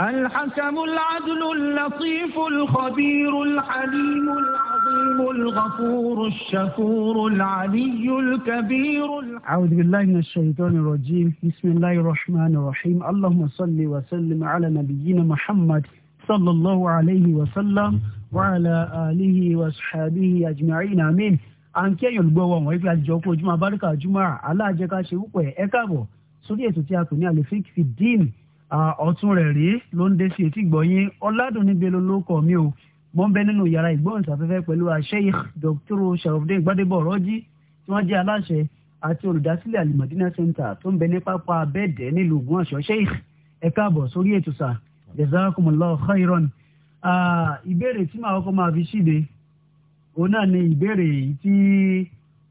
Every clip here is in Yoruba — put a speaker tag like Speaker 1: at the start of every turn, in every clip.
Speaker 1: الحسم العدل اللطيف الخبير الحليم العظيم الغفور الشكور العلي الكبير أعوذ بالله من الشيطان الرجيم بسم الله الرحمن الرحيم اللهم صل وسلم على نبينا محمد صلى الله عليه وسلم وعلى آله وصحبه أجمعين آمين àǹkí ẹ̀yàn olùgbọ́ wa wọ̀nyí fi àjọ kó ojúmọ́ abáríkà ojúmọ́ aláàjẹká ṣe wúpọ̀ ẹ̀ káàbọ̀ sórí ọ̀tún rẹ̀ rèé ló ń dé sí etí gbọ̀nyìn ọ̀làdùnníbelo ló kọ̀ mí o mo ń bẹ nínú yàrá ìgbóhùnsáfẹ́fẹ́ pẹ̀lú Sheikh Dr. Sharafdin Gbadebo Rọ́jí tí wọ́n jẹ́ aláṣẹ àti olùdásílẹ̀ Al-Madina Center tó ń bẹ ní pápá abẹ́ẹ̀dẹ́ nílùú Ògbómọ̀ṣọ́ Sheikh ẹ káàbọ̀ sórí ètò sà jazakumullahu khairan ìbéèrè tí màá kọ́ máa fi ṣíde òun náà ni ìbéèrè yìí tí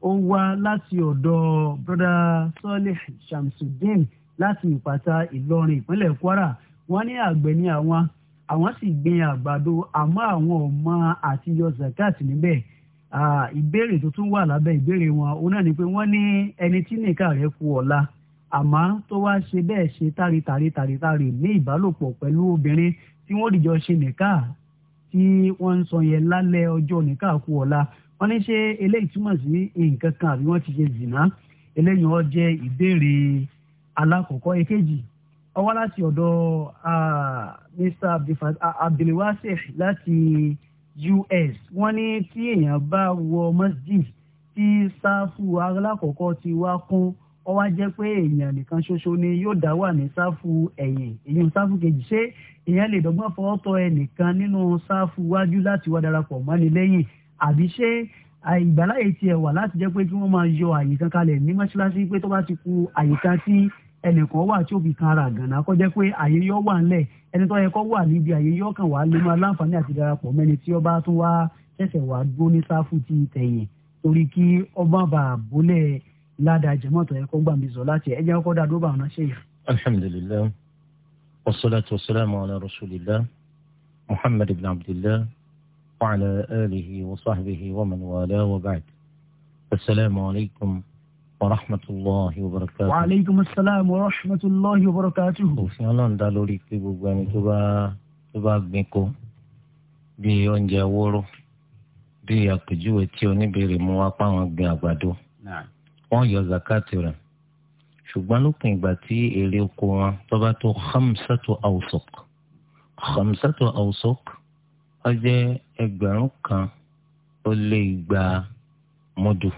Speaker 1: ó wá láti ọ̀dọ̀ brother Saleh Shamsuddin láti ìpàtà ìlọrin ìpínlẹ̀ kwara wọ́n ní àgbẹ̀ ní àwọn àwọn sì gbin àgbàdo àmọ́ àwọn ò mọ àti yọ zakat níbẹ̀ ìbéèrè tó tún wà lábẹ́ ìbéèrè wọn òun náà ni pé wọ́n ní ẹni tí nìka rẹ̀ kú ọ̀la àmọ́ tó wá ṣe bẹ́ẹ̀ ṣe tari tari tari tari ní ìbálòpọ̀ pẹ̀lú obìnrin tí wọ́n dìjọ ṣe nìka tí wọ́n ń sọ yẹn lálẹ́ ọjọ́ nìka kú ọ̀la wọ́n ní ṣe eléyìí túmọ̀ sí nǹkan kan àbí wọ́n ti ṣe zìnà eléyìí wọ́n jẹ́ ìbéèrè alakoko ekeji, ó wá láti ọ̀dọ̀ mr abdulwasif láti us wọ́n ní tí èèyàn bá wọ masjid tí sáfù alákọ̀ọ́kọ́ ti wá kún ó wá pé èèyàn nìkan ṣoṣo ni yóò dá wà ní sáfù ẹ̀yìn èèyàn sáfù kejì ṣé èèyàn lè dọ́gbọ́n fọwọ́ tọ ẹnìkan nínú sáfù wájú láti wá darapọ̀ mọ́ni lẹ́yìn àbí ṣé ìgbàláyè tiẹ̀ wà láti jẹ́ pé kí wọ́n máa yọ àyíká kalẹ̀ ní mọ́ṣáláṣí pé tó bá ti ku àyíká tí ẹnìkan wà tí ó fi kan ara gànà kó jẹ́ pé àyè yọ wà ńlẹ̀ ẹni tó yẹ kó wà níbi àyè yọ kàn wá lé àti darapọ̀ mẹ́ni tí ó tún wá ṣẹ̀ṣẹ̀ wá dúró ní sáfù ti tẹ̀yìn torí kí ọba bá bólẹ̀ ládàá jẹ́mọ́ tó yẹ kó gbà mí sọ láti ẹ jẹ́ dá dúró bá wọn ṣe yìí.
Speaker 2: alhamdulilayi
Speaker 3: wasalaatu wasalaamu ala rasulillah muhammad ibn abdillah wa ala alihi wa sahbihi wa man wa ba'd asalaamu alaykum. As warahmatulahi wabarakatuhu. wa
Speaker 1: aleykum salaam warahmatulahi wabarakatuhu.
Speaker 3: òfin ọlọ́run dá lórí pé gbogbo ẹni tó bá tó bá gbin kó bíi oúnjẹ wóró bíi àpèjúwe tí oníbèrè mú wá páwọn gbin àgbàdo wọ́n yọ zakati rẹ̀ ṣùgbọ́n lópin ìgbà tí èrè oko wọn tó bá tó hamsatu awsok hamsatu awsok ó ẹgbẹ̀rún kan ó lé igba mọ́dù.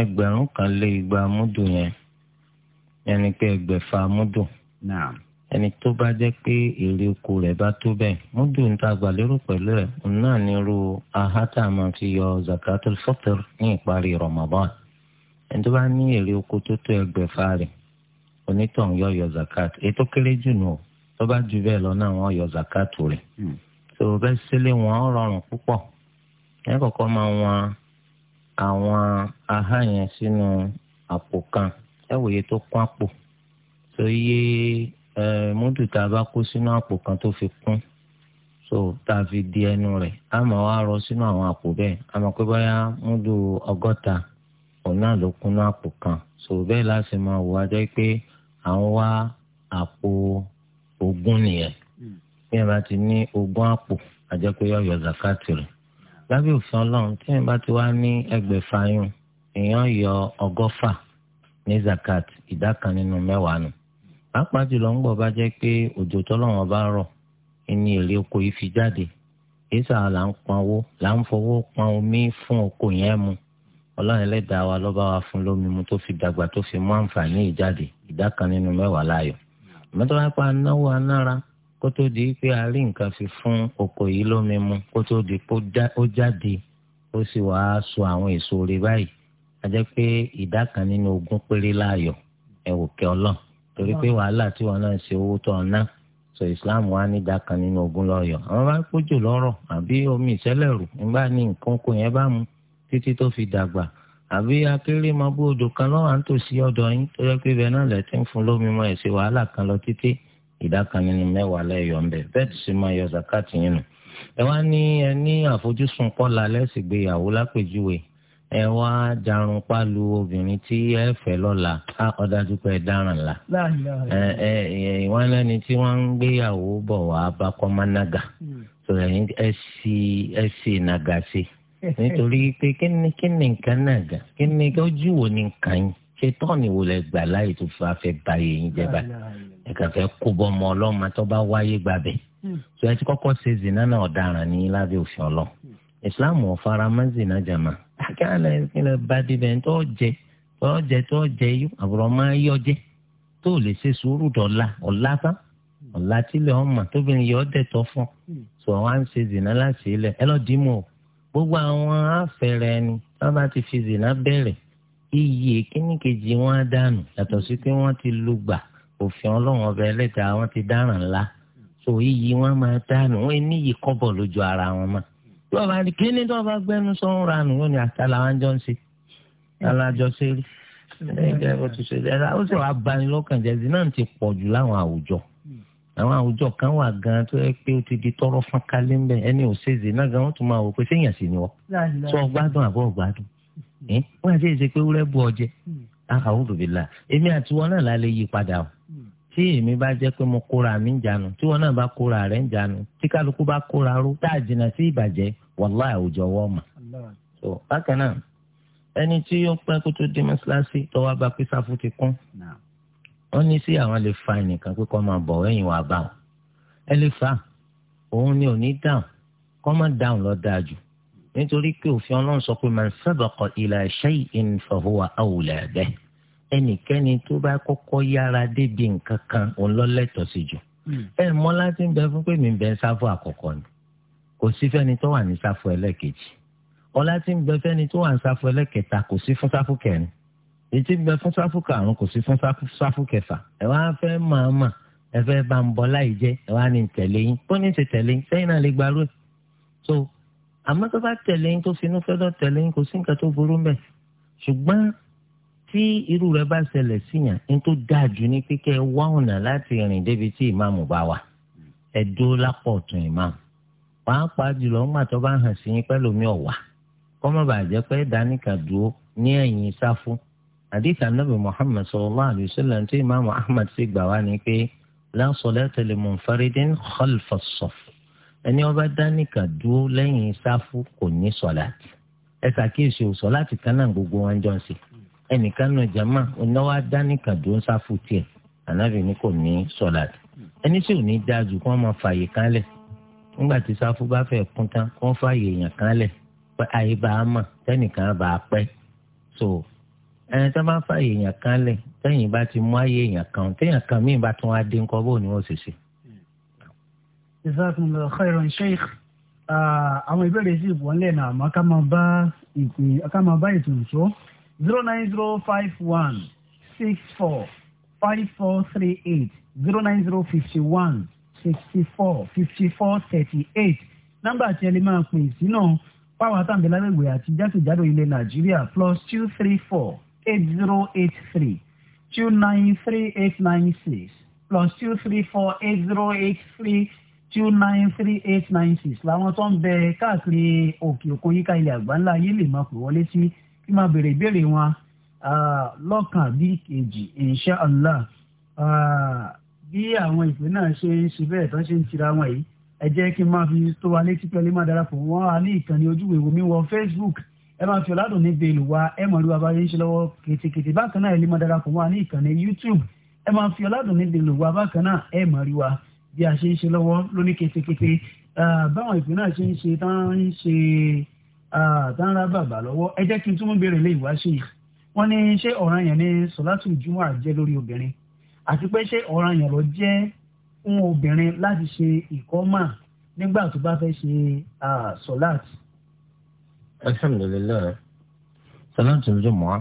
Speaker 3: ẹgbẹ̀rún kan lé igba múdù yẹn ẹni pé ẹgbẹ̀fà múdù. ẹni tó bá jẹ́ pé èrè oko rẹ̀ bá tó bẹ́ẹ̀ múdù ń ta pẹ̀lú rẹ̀ náà nírú yọ zakatul fitr ní ìparí Ramadan ẹni tó bá ní èrè oko tó tó ẹgbẹ̀fà rẹ̀ onítọ̀hún yọ yọ zakat èyí kéré jù nù tó bá ju bẹ́ẹ̀ lọ náà wọ́n yọ zakat rẹ̀ tó hmm. bẹ́ẹ̀ wọn rọrùn púpọ̀ àwọn ahọ́n yẹn sínú àpò kan ẹ tó kún àpò tó yé múdù tá a bá kó sínú àpò kan tó fi kún so tá a fi di ẹnu rẹ a máa wá rọ sínú àwọn àpò bẹ́ẹ̀ a máa pé báyà múdù ọgọta òun náà ló kún ní kan so láti pé à ń wá àpò ogún nìyẹn hmm. bí ẹ bá ti ní ogún àpò lábẹ́ òfin ọlọ́run tí èèyàn bá ti wá ní ẹgbẹ̀fà yùn èèyàn yọ ọgọ́fà ní zakat ìdá kan nínú mẹ́wàá nù pàápàá jùlọ ń gbọ́ bá jẹ́ pé òjò tọ́lọ́run bá rọ̀ ìní èrè oko yìí fi jáde èsà là ń pọn owó là ń fọwọ́ pọn omi fún oko yẹn mu ọlọ́run ẹlẹ́dàá wa lọ́ba wa fún lómi mu tó fi dàgbà tó fi mú àǹfààní ìjáde ìdá kan nínú mẹ́wàá láàyò mẹ́tọ́lá kó tó di pé a rí nǹkan fi fún oko yìí lómi mu kó tó di pé ó jáde ó sì wàá so àwọn èso rẹ̀ báyìí a jẹ́ pé ìdá kan nínú ogún péré láàyò ẹ wò kẹ́ ọlọ́n torí pé wàhálà tí wọn náà ṣe owó tó ọ̀nà sọ Islam wa ní ìdá kan nínú ogún lọ́yọ̀ àwọn bá kójú lọ́rọ̀ àbí omi ìṣẹ́lẹ̀rù nígbà ní nǹkan kò yẹn bá mu títí tó fi dàgbà àbí akéré máa bú odò kan lọ́wọ́ à ń tòsí ọ̀dọ̀ yín tó yẹ pé ibẹ̀ náà lẹ́tí ń fún lómi mọ́ ẹ̀ wàhálà kan lọ títí ìdá kan nínú mẹ́wàá lẹ́yọ̀ ń bẹ̀ bẹ́ẹ̀ tí sì máa yọ zakati yín nù. ẹ wá ní ẹ ní àfojúsùn kọ́la lẹ́sìn gbéyàwó lápèjúwe ẹ wá jarun pálu obìnrin tí ẹ fẹ́ lọ́la á ọ̀dájú pé ẹ dáràn la. ẹ ẹ ìwọ́n lẹ́ni tí wọ́n ń gbéyàwó bọ̀ wá bá kọ́mánága hmm. sọ̀rọ̀ ẹ̀yìn ẹ sì ẹ sì nàgà sí nítorí pé kí ni kí ni nǹkan náà gà kí ni ojú wo ni nǹkan yìí ṣètọ́ọ̀nì wo lẹ gbà láyè tó fà fẹ́ ba yẹn jẹ bá ẹ̀ka fẹ́ kó bọ́ ọmọ ọlọ́mọ tó bá wáyé gbà bẹ̀. sọ ẹ ti kọ́kọ́ ṣe zina náà ọ̀daràn ní lábẹ́ òfin ọlọ́ ìsìláàmù ọ̀fara má zina jàmá kí alẹ́ ìpínlẹ̀ bá débẹ̀ tó jẹ tó jẹ tó jẹ yó àbúrò máa yọ jẹ tó lè ṣe sùúrù dọ̀la ọ̀la tán ọ̀la tílẹ̀ ọmọ tóbìnrin yọ ọdẹ tó fún sọ wá ń ṣe zina la ilẹ̀ ẹ lọ́ọ́ dìímọ̀ gbogbo àwọn afẹ́rẹ́ ẹni tí iyì kíní kejì wọn á dànù yàtọ̀ sí pé wọ́n ti lùgbà òfin ọlọ́run ọba ẹlẹ́dàá wọn ti dáràn ńlá so iyì wọn máa dànù wọn níyì kọ́bọ̀ lójú ara wọn mọ́ yóò bá di kíní tó bá gbẹnu sọ́run ranù wọn ni àtàlà wọn jọ ń ṣe alájọ ṣe rí ẹgbẹ́ ó ti ṣe ẹ̀rọ ó sì wàá bani lọ́kàn jẹ́ zina ti pọ̀ jù láwọn àwùjọ àwọn àwùjọ kan wà gan tó yẹ pé o ti di tọrọ fọ́nkálẹ́ ńbẹ ẹni ò ṣe zina gan wọ́n tún máa wò pé séèyàn sì ni
Speaker 2: wọ́n sọ gbádùn
Speaker 3: àbọ̀ gbádùn wọ́n àti èsè pé wúrẹ́ bu ọjẹ́ hmm. àwọn olùbílà èmi àti wọn náà la lè yí padà o hmm. tí èmi bá jẹ́ pé mo kóra mi ń jánu tí wọn náà bá kóra rẹ̀ ń jánu tí kálukú bá kóra ró tá a jìnnà sí ìbàjẹ́ wàláì àwùjọ wọ́n mà. bákan náà ẹni tí yóò pẹ́ kó tó dé mọ́ṣáláṣí tọ́wọ́ bá pé sáfù ti kún wọ́n ní sí àwọn lè fa ẹnìkan pé kọ́ máa bọ̀ ẹ̀yìn wàá bá wọn ẹ lè fa òun ni ò ní dáhùn kọ́ máa dáhùn lọ́ọ́ dáa jù nítorí pé òfin ọlọ́run sọ pé man sabaqa ila shay'in fahuwa awla bihi ẹnikẹ́ni tó bá kọ́kọ́ yára débi nǹkan kan òun ló lẹ́tọ̀ọ́ sí jù. Hmm. ẹ mọ̀ láti ń bẹ fún pé mi ń bẹ ń sáfù àkọ́kọ́ ni kò sí fẹ́ni tó wà ní sáfù ẹlẹ́ẹ̀kejì ọlá tí ń bẹ fẹ́ni tó wà ní sáfù ẹlẹ́ẹ̀kẹta kò sí fún sáfù kẹrin èyí tí ń bẹ fún sáfù karùn kò sí fún sáfù kẹfà ẹ wá fẹ́ máa mà ẹ fẹ́ bá ń bọ́ láì jẹ́ ẹ wá ní tẹ̀lé yín ó ní ṣe tẹ̀lé yín sẹ́yìn náà lè gbarú ẹ̀ so àmọ́ tó bá tẹ̀lé yín tó finú fẹ́ lọ tẹ̀lé yín kò sí nǹkan tó burú mbẹ̀ ṣùgbọ́n tí irú rẹ̀ bá ṣẹlẹ̀ síyàn ní tó dáa jù ní pípẹ́ wá ọ̀nà láti rìn débi tí ìmáàmù bá wà ẹ̀dó lápọ̀ tún ìmáàmù pàápàá jùlọ ńgbà tó bá hàn sí yín pẹ́ lómi ọ̀wà kọ́mọ́ bàjẹ́ pé dáníkà dúró ní ẹ̀yìn sáfù àdìsá nàbì Muhammad sallallahu alayhi wa sallam tí ìmáàmù Ahmad sì gbà wá ní pé la salata li ẹni ọba dánìkà dúró lẹ́yìn sáfù kò ní sọ̀láàtì ẹ ṣàkíyèsí o sọ̀láàtì kan náà gbogbo wọn jọ ń ṣe ẹnìkan náà jama onáwó dánìkà dúró sáfù tiẹ̀ ànábì ni kò ní sọ̀láàtì ẹni tí ò ní dáa jù kí wọ́n máa fààyè kan nígbà tí sáfù bá fẹ́ kún tán kí wọ́n fààyè èèyàn kan pé ayé bá a mọ̀ tẹ́nìkan bá a pẹ́ so ẹni tó bá fààyè èèyàn kan lẹ̀ tẹ́yìn bá ti mú ayé èèyàn kan téèyàn kan míì bá tún wá dé ńkọ́ bó ni wọ́n ṣe ṣe
Speaker 1: jazakumullahu khairan sheikh ah, àwọn ìbéèrè sì wọ́n lẹ́nu àmọ́ ká máa bá ìpè ká máa bá ètò ìṣó zero nine zero five one six four five four three eight zero nine zero fifty one sixty four fifty four thirty eight nọ́mbà tí ẹ lè máa pè sí náà fáwọn àtàǹdẹ̀ lágbègbè àti jákèjádò ilẹ̀ nàìjíríà plus two three four eight zero eight three two nine three eight nine six plus two three four eight zero eight three two nine three eight nine six làwọn tó ń bẹ káàkiri òkè òkun yíká ilẹ̀ àgbáńlá yìí lè máa pè wọlé sí kí máa béèrè ìbéèrè wọn lọ́kàn bí kejì insha allah bí àwọn ìpè náà ṣe ń ṣe bẹ́ẹ̀ tó ṣe ń tira wọn yìí ẹ jẹ́ kí n máa fi tó wa létí pẹ́lú má darapọ̀ wọn a ní ìkànnì ojúwe wo mi wọ facebook ẹ máa fi ọ̀làdùn níbi ìlú wa ẹ mọ̀ lóra bá ń ṣe lọ́wọ́ kètèkètè bákan náà ẹ lè má darapọ̀ wọn a ní ìkànnì youtube ẹ máa fi ọ̀làdùn níbi ìlú wa bákan náà ẹ mọ̀ rí bí a ṣe ń ṣe lọ́wọ́ lóní ketekete báwọn ìpín náà ṣe ń ṣe tán ń ṣe tán ra bàbà lọ́wọ́ ẹ jẹ́ kí n túmọ̀ béèrè lé ìwá ṣe wọ́n ní ṣé ọ̀ràn yẹn ní sọ́látù júmọ̀ àjẹ́ lórí obìnrin àti pé ṣé ọ̀ràn yẹn lọ jẹ́ fún obìnrin láti ṣe ìkọ́mà nígbà tó bá fẹ́ ṣe sọ́lát.
Speaker 3: alhamdulilayi sọ́látù júmọ̀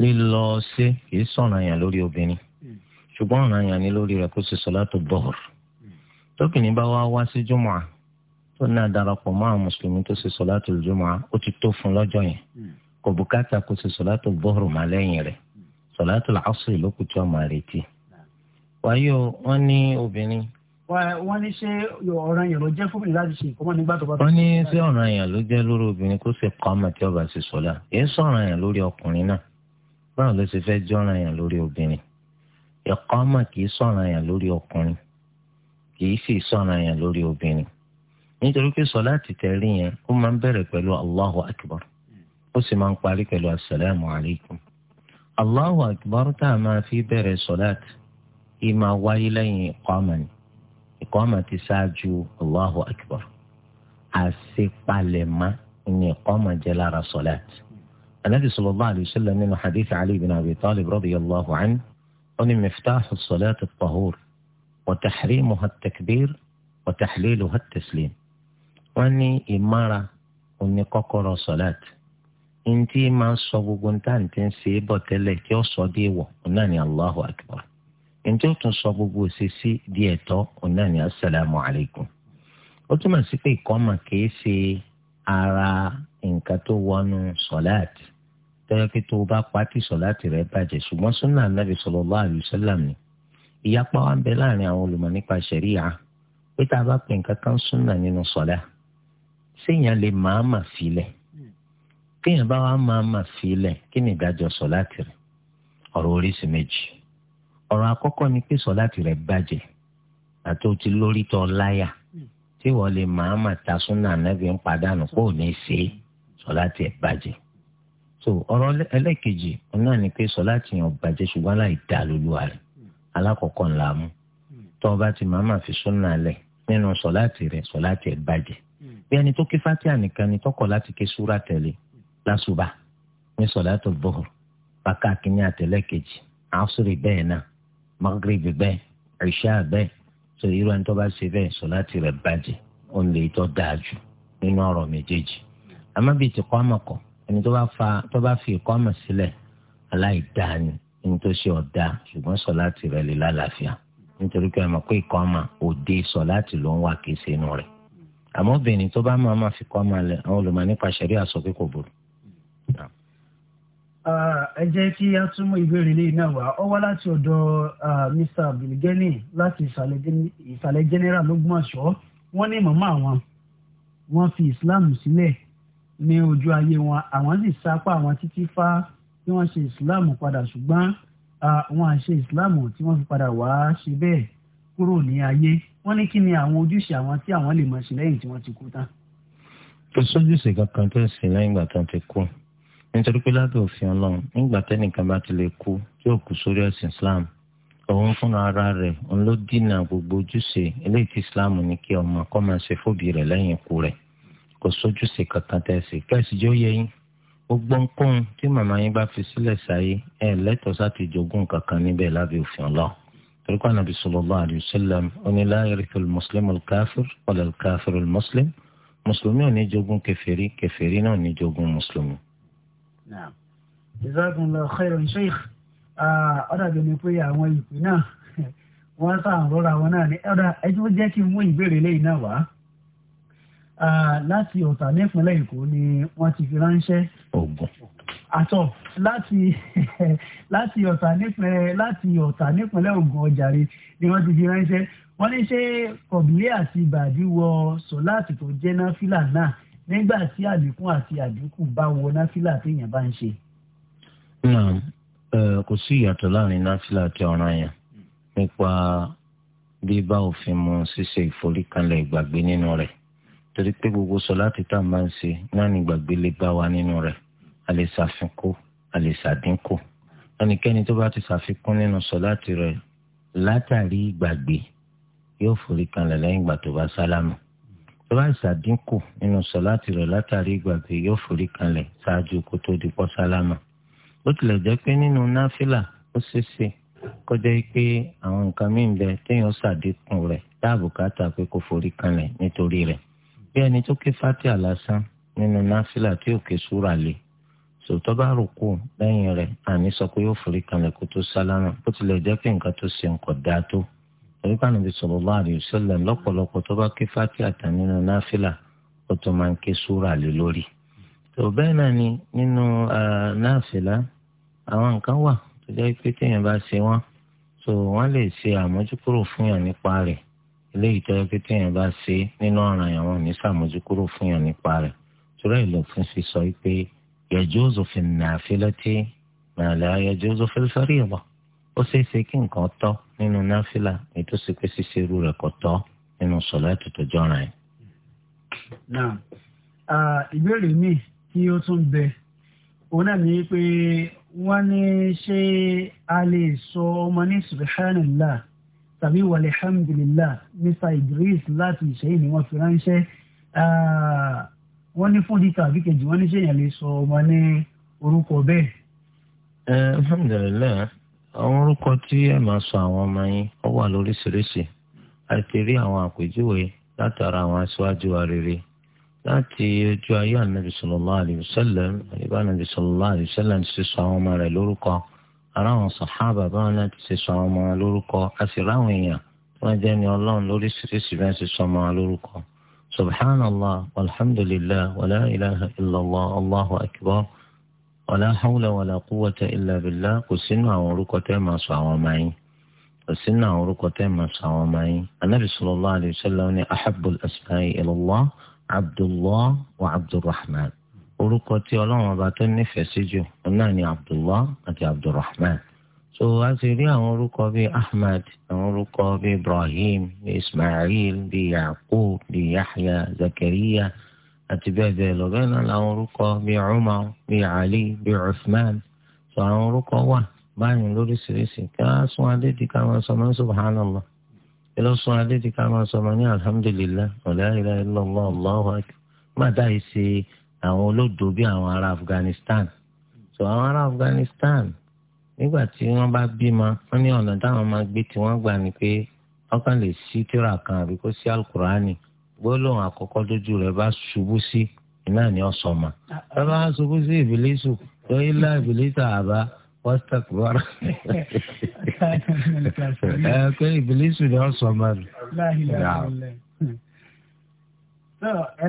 Speaker 3: lílọ sí kì í sọ̀ràn yẹn lórí obìnrin hmm. ṣùgbọ́n ọ̀ràn yẹn ní lórí rẹ̀ kó ṣe sọ́látù bọ́ọ̀rù tókìnrin bá wá wá sí jùmọ̀à tó náà darapọ̀ mọ́ àwọn mùsùlùmí tó ṣe sọ̀látù jùmọ̀à ó ti tó fún lọ́jọ́ yẹn hmm. kò bùkátà kó ṣe sọ̀látù bọ́ọ̀rù má lẹ́yìn rẹ̀ hmm. sọ̀látù làásùrì ló kù tí wọ́n máa retí. Hmm.
Speaker 1: wáyé o wọ́n ní obìnrin. wọ́n ní ṣé ọ̀ràn yẹn ló jẹ́ fún mi láti ṣe ìkọ́mọ́ nígbà tó bá. wọ́n
Speaker 3: ní ṣé ọ̀ràn yẹn ló jẹ́ lórí obìnrin kó ṣe kọ́ ọmọ tí ọba ṣe sọ̀lá yẹn sọ̀ràn yẹn lórí ọkùnrin náà báwo ló ṣe fẹ́ jọ́ràn yẹn lórí obìnrin ìkọ́mọ̀ kì í sọ̀ràn yẹn lórí ọkùnrin kìí sì sọ̀ràn yẹn lórí obìnrin nítorí pé sọ láti tẹ̀rí yẹn ó máa ń bẹ̀rẹ̀ pẹ̀lú allahu akbar ó sì máa ń parí pẹ̀lú asalaamu alaykum allahu akbar tá a máa fi bẹ̀rẹ̀ sọ láti kí máa wáyé lẹ́yìn ìkọ́mà ni ìkọ́mà ti ṣáájú allahu akbar àṣepalẹ̀má ni ìkọ́mà jẹ́ lára sọ láti. النبي صلى الله عليه وسلم من حديث علي بن أبي طالب رضي الله عنه أن مفتاح الصلاة الطهور وتحريمها التكبير وتحليلها التسليم واني امارة اني كوكورو صلاة انتي ما صبوغ انتي سيبو تلك يو صديو اناني الله اكبر ǹjẹ́ ó tún sọ gbogbo òṣèṣì di ẹ̀tọ́ ọ̀nà ní asalaamu alaykum. ó túmọ̀ sí pé ìkọ́mà kìí ṣe ara nǹkan tó wọnú sọ̀láàtì tẹ́lẹ̀ pé tó bá pàtì sọ̀láàtì rẹ̀ bàjẹ́ ṣùgbọ́n súnà nàbì sallallahu alaihi wasallam ni ìyapa wa ń bẹ láàrin àwọn olùmọ̀ nípa ṣẹ̀ríà pé tá a bá pè nǹkan kan súnà nínú sọ̀lá séèyàn lè máa mà filẹ̀ kéèyàn bá wa máa mà filẹ̀ kí ni ìdájọ́ sọ̀lá tirẹ̀ ọ̀rọ̀ oríṣi méjì ọ̀rọ̀ àkọ́kọ́ ni pé sọ̀lá tirẹ̀ bàjẹ́ àti o ti lórí tọ́ láyà tí wọ́n lè máa mà ta súnà nẹ́bí ń padànù kó o ní ṣe sọ̀lá tirẹ̀ bàjẹ́ so ọ̀rọ̀ ẹlẹ́kejì náà ni pé sọ̀lá tiyàn bàjẹ́ ṣùgbọ́n láì dá lóluwa rẹ̀ alákọ̀ọ́kọ́ ńlá mú tó o bá ti màmá fi súnà lẹ̀ nínú sọ̀láàtì rẹ̀ sọ̀láàtì ẹ̀ bàjẹ́ bí ẹni tó ké fatia nìkan ni tọkọ̀ láti ké súra tẹ̀lé lásùbà ní sọ̀láàtì bọ̀hùr bàkà kínní àtẹ̀lẹ́ kejì àásùrì bẹ́ẹ̀ náà magrebi bẹ́ẹ̀ ìṣá bẹ́ẹ̀ tó irú ẹni tó bá ṣe bẹ́ẹ̀ sọ̀láàtì rẹ̀ bàjẹ́ òun lè tọ́ dáa jù nínú ọ̀rọ̀ méjèèjì àmọ́ bíi ti kọ́ àmọ̀kọ́ ẹni tó bá fi ìkọ́ àmọ̀ sílẹ̀ aláìdáa ní tó ṣe ọ̀dà ṣùgbọ́n sọ̀láàtì rẹ̀ lè lálàáfíà nítorí pé àmọ́ pé ìkọ́ ọmọ òde sọ̀láàtì ló ń wà kìí ṣe inú rẹ̀ àmọ́ obìnrin tó bá máa máa fi kọ́ ọmọ lẹ̀ àwọn olùmọ̀ nípa ṣẹ̀rí àsọ pé kò burú.
Speaker 1: ẹ jẹ́ kí a tún mú ìbéèrè ilé náà wá ọ wá láti ọ̀dọ̀ Mr Abdulgani láti ìsàlẹ̀ general lógúnmọ̀ṣọ́ wọ́n ní màmá àwọn wọ́n fi Islam sílẹ̀ ní ojú ayé wọn àwọn sì sápá àwọn títí fáá tí wọ́n ṣe ìsìláàmù padà ṣùgbọ́n àwọn àṣe ìsìláàmù tí wọ́n fi padà wá ṣe bẹ́ẹ̀ kúrò ní ayé wọ́n ní kí ni àwọn ojúṣe àwọn tí àwọn lè máa ṣe lẹ́yìn tí wọ́n ti kú tán.
Speaker 3: kò kankan tó ń sìn lẹ́yìn ìgbà tó ń ti kú nítorí pé lábẹ́ òfin ọlọ́run nígbà tẹ́nìkan bá ti lè kú yóò kú sórí ẹ̀sìn islam òun fúnra ara rẹ̀ òun ló dínà gbogbo ojúṣe eléyìí tí islam ní kí ọmọ kọ́ máa ṣe fóbi rẹ̀ lẹ́yìn ikú rẹ̀ kò sójúṣe kankan tẹ́ kẹ́sì jẹ́ ó yẹ yín gbogbo nǹkan tí màmá yín bá fi sílẹ̀ sáyé ẹ̀ lẹ́tọ̀ọ́ sáti jogún kankan níbẹ̀ lábẹ́ òfin ọlọ́ toríko anabi sallallahu alayhi wa sallam onílà yẹrìkì mùsùlùmí káfíìr wala káfíìr mùsùlùmí mùsùlùmí ò ní jogún kèfèrí kèfèrí náà ò ní jogún mùsùlùmí.
Speaker 1: jazakumullahu khairan sheikh ọ̀dàbí ni pé àwọn ìpín náà wọ́n sàn rọra wọn náà ní ọ̀dà ẹjọ́ jẹ́ kí n mú ìbéèrè lẹ́yìn náà wá láti ọ̀tà nípínlẹ̀ èkó ni wọ́n ti fi ránṣẹ́. ọ̀gbọ̀n. àtọ̀ láti láti ọ̀tà nípínlẹ̀ láti ọ̀tà nípínlẹ̀ Ògùn ọ̀jàre ni wọ́n ti fi ránṣẹ́. wọ́n ní ṣé kọ̀bílẹ̀ àti ìbàdí wọ sọ̀láàtì tó jẹ́ náfìlà náà nígbà tí àlékún àti àdínkù bá wọ náfìlà téèyàn bá ń ṣe.
Speaker 3: kò sí ìyàtọ̀ láàrin náfìlà àti ọ̀ràn yẹn nípa bí bá òfin mu ṣíṣe ìforíkanlẹ̀ ìgbàgbé nínú rẹ̀ torí pé gbogbo sọláàtì tá a máa ń ṣe náà ní gbàgbé lè bá wa nínú rẹ̀ a lè ṣàfikún a lè ṣàdínkù ẹnikẹ́ni tó bá ti ṣàfikún nínú sọláàtì rẹ̀ látàrí ìgbàgbé yóò forí kanlẹ̀ lẹ́yìn ìgbà tó bá sálámù tó bá ṣàdínkù nínú sọláàtì rẹ̀ látàrí ìgbàgbé yóò forí kanlẹ̀ ṣáájú kó tó di pọ́ sálámù bó tilẹ̀ jẹ́ pé nínú náfìlà ó ṣeéṣe kọjá pé àwọn nǹkan míì ń bẹ téèyàn ṣàdínkù rẹ̀ dáàbò káàtà bí ẹni tó ké fatia lásán nínú náfìlà tí ò ké súra lé sòtọ́ bá rò kù lẹ́yìn rẹ̀ àní sọ pé yóò forí kanlẹ̀ kó tó sálámà bó tilẹ̀ jẹ́ pé nǹkan tó ṣe nǹkan dáa tó torí pé Ànábì sallallahu alaihi wasallam lọ́pọ̀lọpọ̀ tó bá ké fatia tán nínú náfìlà ó tó máa ń ké súra lé lórí. tó bẹ́ẹ̀ náà ni nínú náfìlà àwọn nǹkan wà tó jẹ́ pé téèyàn bá ṣe wọ́n tó wọ́n lè ṣe àmójúkúrò fún yàn nípa rẹ̀ eléyìí tó yẹ pé téèyàn bá ṣe nínú ọ̀ràn yẹn wọn ní sàmójúkúrò fún yàn nípa rẹ̀ torí ẹ̀ fi sọ pé yajuzu fi nafilati ma la yajuzu fil fariida ó ṣeéṣe kí nǹkan tọ́ nínú náfìlà ètò sípé ṣíṣe irú rẹ̀ kò tọ́ nínú sọ̀láàtì tó jọra ẹ̀.
Speaker 1: ìbéèrè mi tí ó tún bẹ òun náà ní pé wọ́n ní ṣé a lè sọ ọmọ ní subhanallah tàbí walhamdulillah mr idris láti ìṣẹ́yìn ni wọ́n fi ránṣẹ́ ah, wọ́n ní fún dita àbí kejì wọ́n ní sẹ́yìn lè sọ ọmọ ní orúkọ bẹ́ẹ̀.
Speaker 3: ẹ eh, alhamdulillah àwọn orúkọ tí ẹ máa sọ àwọn ọmọ yín ó wà lóríṣiríṣi àti rí àwọn àpèjúwe látara àwọn aṣáájú wa rere láti ojú ayé ànábì sallallahu alaihi wasallam àdìbò ànábì sallallahu alaihi sọ àwọn ọmọ rẹ̀ lórúkọ ara àwọn sàhábà báwọn náà ti ṣe sọ àwọn ọmọ wọn lórúkọ a sì ráwọn èèyàn wọn jẹ́ ni ọlọ́run lóríṣiríṣi bẹ́ẹ̀ ṣe sọ ọmọ wọn lórúkọ subhanallah alhamdulilah wàlá ilaha illallah allahu akbar wàlá hawla wàlá quwwata illa billah kò sínú àwọn orúkọ tẹ́ máa sọ àwọn ọmọ yín kò sínú àwọn orúkọ tẹ́ máa sọ àwọn ọmọ yín anabi sallallahu alayhi wa sallam ni ahabul asma'i ilallah abdullah wa abdulrahman orúkọ tí ọlọ́run ọba tó nífẹ̀ẹ́ sí jù náà ni abdullah àti abdulrahman so a ti rí àwọn orúkọ bíi ahmad àwọn orúkọ bíi ibrahim bíi ismail bíi yaqub bíi yahya zakariya àti bẹ́ẹ̀ bẹ́ẹ̀ lọ bẹ́ẹ̀ náà làwọn orúkọ bíi umar bíi ali bíi usman so àwọn orúkọ wà báyìí lóríṣiríṣi ká sún adé di ká máa sọmọ subhanallah ẹ lọ sún adé di ká máa sọmọ ní alhamdulillah wa la ilaha illallah allahu akbar má dáa yìí ṣe àwọn olódo bí àwọn ará Afghanistan so àwọn ará Afghanistan nígbà tí wọ́n bá bímọ wọ́n ní ọ̀nà táwọn máa gbé tí wọ́n gbà ní pé wọ́n kàn lè sí tíra kan àbí kó sí alukurani gbólóhùn àkọ́kọ́ lójú rẹ̀ bá ṣubú sí iná ní ọ̀sọ̀mà bàbá ṣubú sí ìbílísù lórí ilá ìbílísù
Speaker 2: àbá wọ́sítàkì bọ́ra ẹ pé ìbílísù ní ọ̀sọ̀mà rẹ̀. ẹ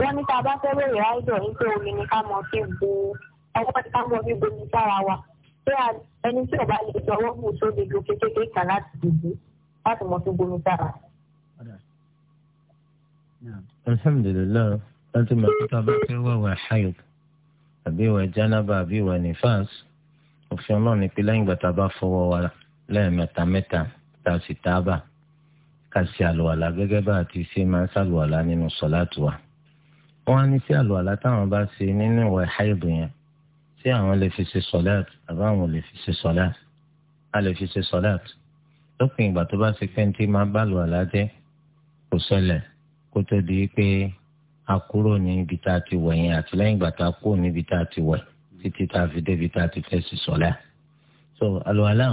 Speaker 2: wọ́n ní tá a bá fẹ́ bẹ̀rẹ̀ áìdọ̀ nípa omi ni ká mọ fi bo ọwọ́ ká mọ fi bomi sára wa pé ẹni tí ọba lè sọ ọwọ́ bùn sóde ju kékeré kan láti dìbò láti mọ fi bomi sára.
Speaker 3: alhamdulilayi wọ́n ti mọ̀ pé tá a bá fẹ́ wẹ̀wẹ̀ haid àbí ìwẹ̀ jánábà àbí ìwẹ̀ nífàs òfin ọlọ́run ni lẹ́yìn ìgbà tá a bá fọwọ́ wa lẹ́ẹ̀mẹ́ta mẹ́ta tá a sì tábà ká ṣe àlùwàlà gẹ́gẹ́ bá a ti ṣe máa ń ṣàlùwàlà nínú sọ̀láàtù wa wọ́n á ní sí àlùwàlá táwọn bá ṣe nínú ìwà ìháìbù yẹn tí àwọn lè fi ṣe sọ̀láàt àbá àwọn lè fi ṣe sọ̀láàt a lè fi ṣe sọ̀láàt lópin ìgbà tó bá ṣe pé ní tí máa bá àlùwàlá jẹ́ kò ṣẹlẹ̀ kó tó di pé a kúrò ní ibi tá a ti wẹ̀ yẹn àti lẹ́yìn ìgbà tá a kúrò níbi tá a ti wẹ̀ títí tá a fi débi tá a ti fẹ́ ṣe sọ̀láàt so àlùwàlá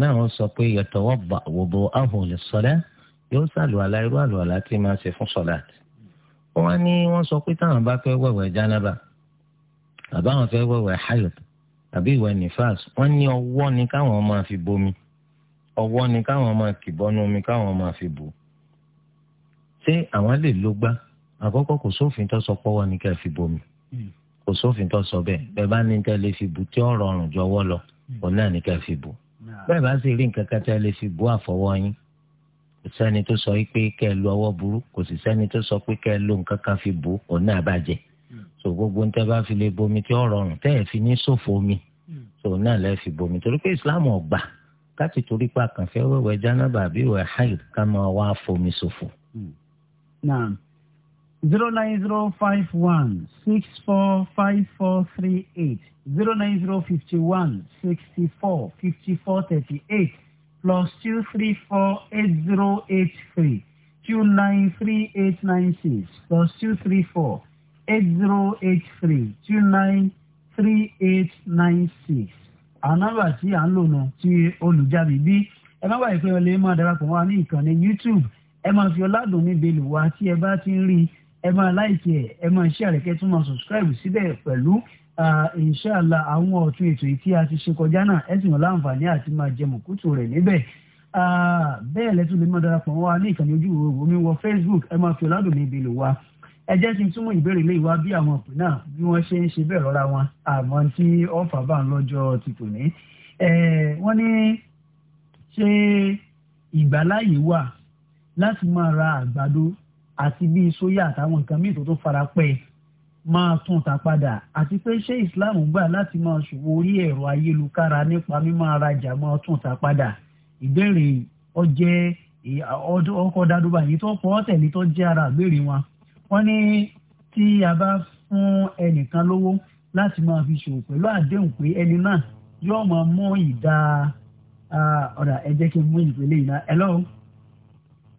Speaker 3: náà wọ́n sọ pé yàtọ̀ wọ́n bá wòbó ahùn lè sọ̀láàt yóò ṣàlùwàlá irú àlùwàlá tí wọ́n ní wọ́n sọ pé táwọn bá fẹ́ wẹ̀wẹ̀ jánábà àbá wọn fẹ́ wẹ̀wẹ̀ hayot àbí ìwẹ̀ nifas wọ́n ní ọwọ́ ni káwọn máa fi bomi ọwọ́ ni káwọn máa kìbọnú omi káwọn máa fi bò ṣé àwọn lè ló gbá àkọ́kọ́ kò sófin tó sọ pọ́wọ́ ni kẹ́ fi bomi hmm. kò sófin tó sọ bẹ́ẹ̀ bẹ́ẹ̀ bá ní tẹ́ lè fi bù tí ọ̀rọ̀ ọ̀rùn jọ̀wọ́ lọ hmm. òun náà ni kẹ́ fi bò bẹ́ẹ̀ bá sì rí nǹkan kan tẹ́ lè fi bò àfọwọ́ yín kò sẹ́ni tó sọ pé kẹ́ ẹ lu ọwọ́ burú kò sì sẹ́ni tó sọ pé kẹ́ ẹ lo nǹkan kan fi bò ó náà bàjẹ́ so gbogbo níta bá fi lè bomi tí ó rọrùn tẹ́ ẹ̀ fi ní ṣòfò omi so náà lẹ́ fi bomi torí pé Islam ọ̀gbà láti torí pa kànfẹ́ wẹ̀wẹ̀ jánábà àbí ìwẹ̀ haid ká
Speaker 1: máa wá fomi ṣòfò. náà zero nine zero five one six four five four three eight zero nine zero fifty one sixty four fifty four thirty eight plus two three four eight zero eight three two nine three eight nine six plus two three four eight zero eight three two nine three eight nine six àwọn nọ́mbà tí à ń lò nù ti olùjábí bí ẹ má wáyé pé ọ lè máa darapọ̀ wá ní ìkànnì YouTube ẹ máa fi ọládùn níbi ìlú wa tí ẹ bá ti ń rí ẹ máa láìkí ẹ ẹ máa ṣe àrẹ̀kẹ́ tún máa subscribe síbẹ̀ pẹ̀lú inṣàlá àwọn ọ̀tún ètò yìí tí a ti ṣe kọjá náà ẹ sì wọ́n láǹfààní àti máa jẹ mọ̀kútù rẹ̀ níbẹ̀ bẹ́ẹ̀ lẹ́tún lè máa darapọ̀ wá ní ìkànnì ojú ìwòrò mi wọ Facebook ẹ máa fi ọ̀làdùn mi ìbèlè wa ẹ jẹ́ kí n túmọ̀ ìbéèrè lè wá bí àwọn òpin náà bí wọ́n ṣe ń ṣe bẹ́ẹ̀ rọ́ra wọn àmọ́ tí ọ̀fà bá ń lọ́jọ́ ti tò ní. wọ́n ní ṣé ìgbàláyè wà láti máa ra àgbàdo àti bíi sóyà àtàwọn nǹkan míì tó tó fara pẹ́ máa tún ta padà àti pé ṣé islam gbà láti máa ṣòwò orí ẹ̀rọ ayélujára nípa mímọ́ arajà máa tún ta padà ìbéèrè ọjẹ́ ọkọ̀ dadúbà yìí tó pọ̀ tẹ̀lé tó jẹ́ ara àgbèrè wọn wọ́n ní tí a bá fún ẹnìkan lówó láti máa fi ṣòwò pẹ̀lú àdéhùn pé ẹni náà yóò máa mú ìdá ọ̀dà ẹ jẹ́ kí n mú ìpele yìí náà ẹ lọ́wọ́.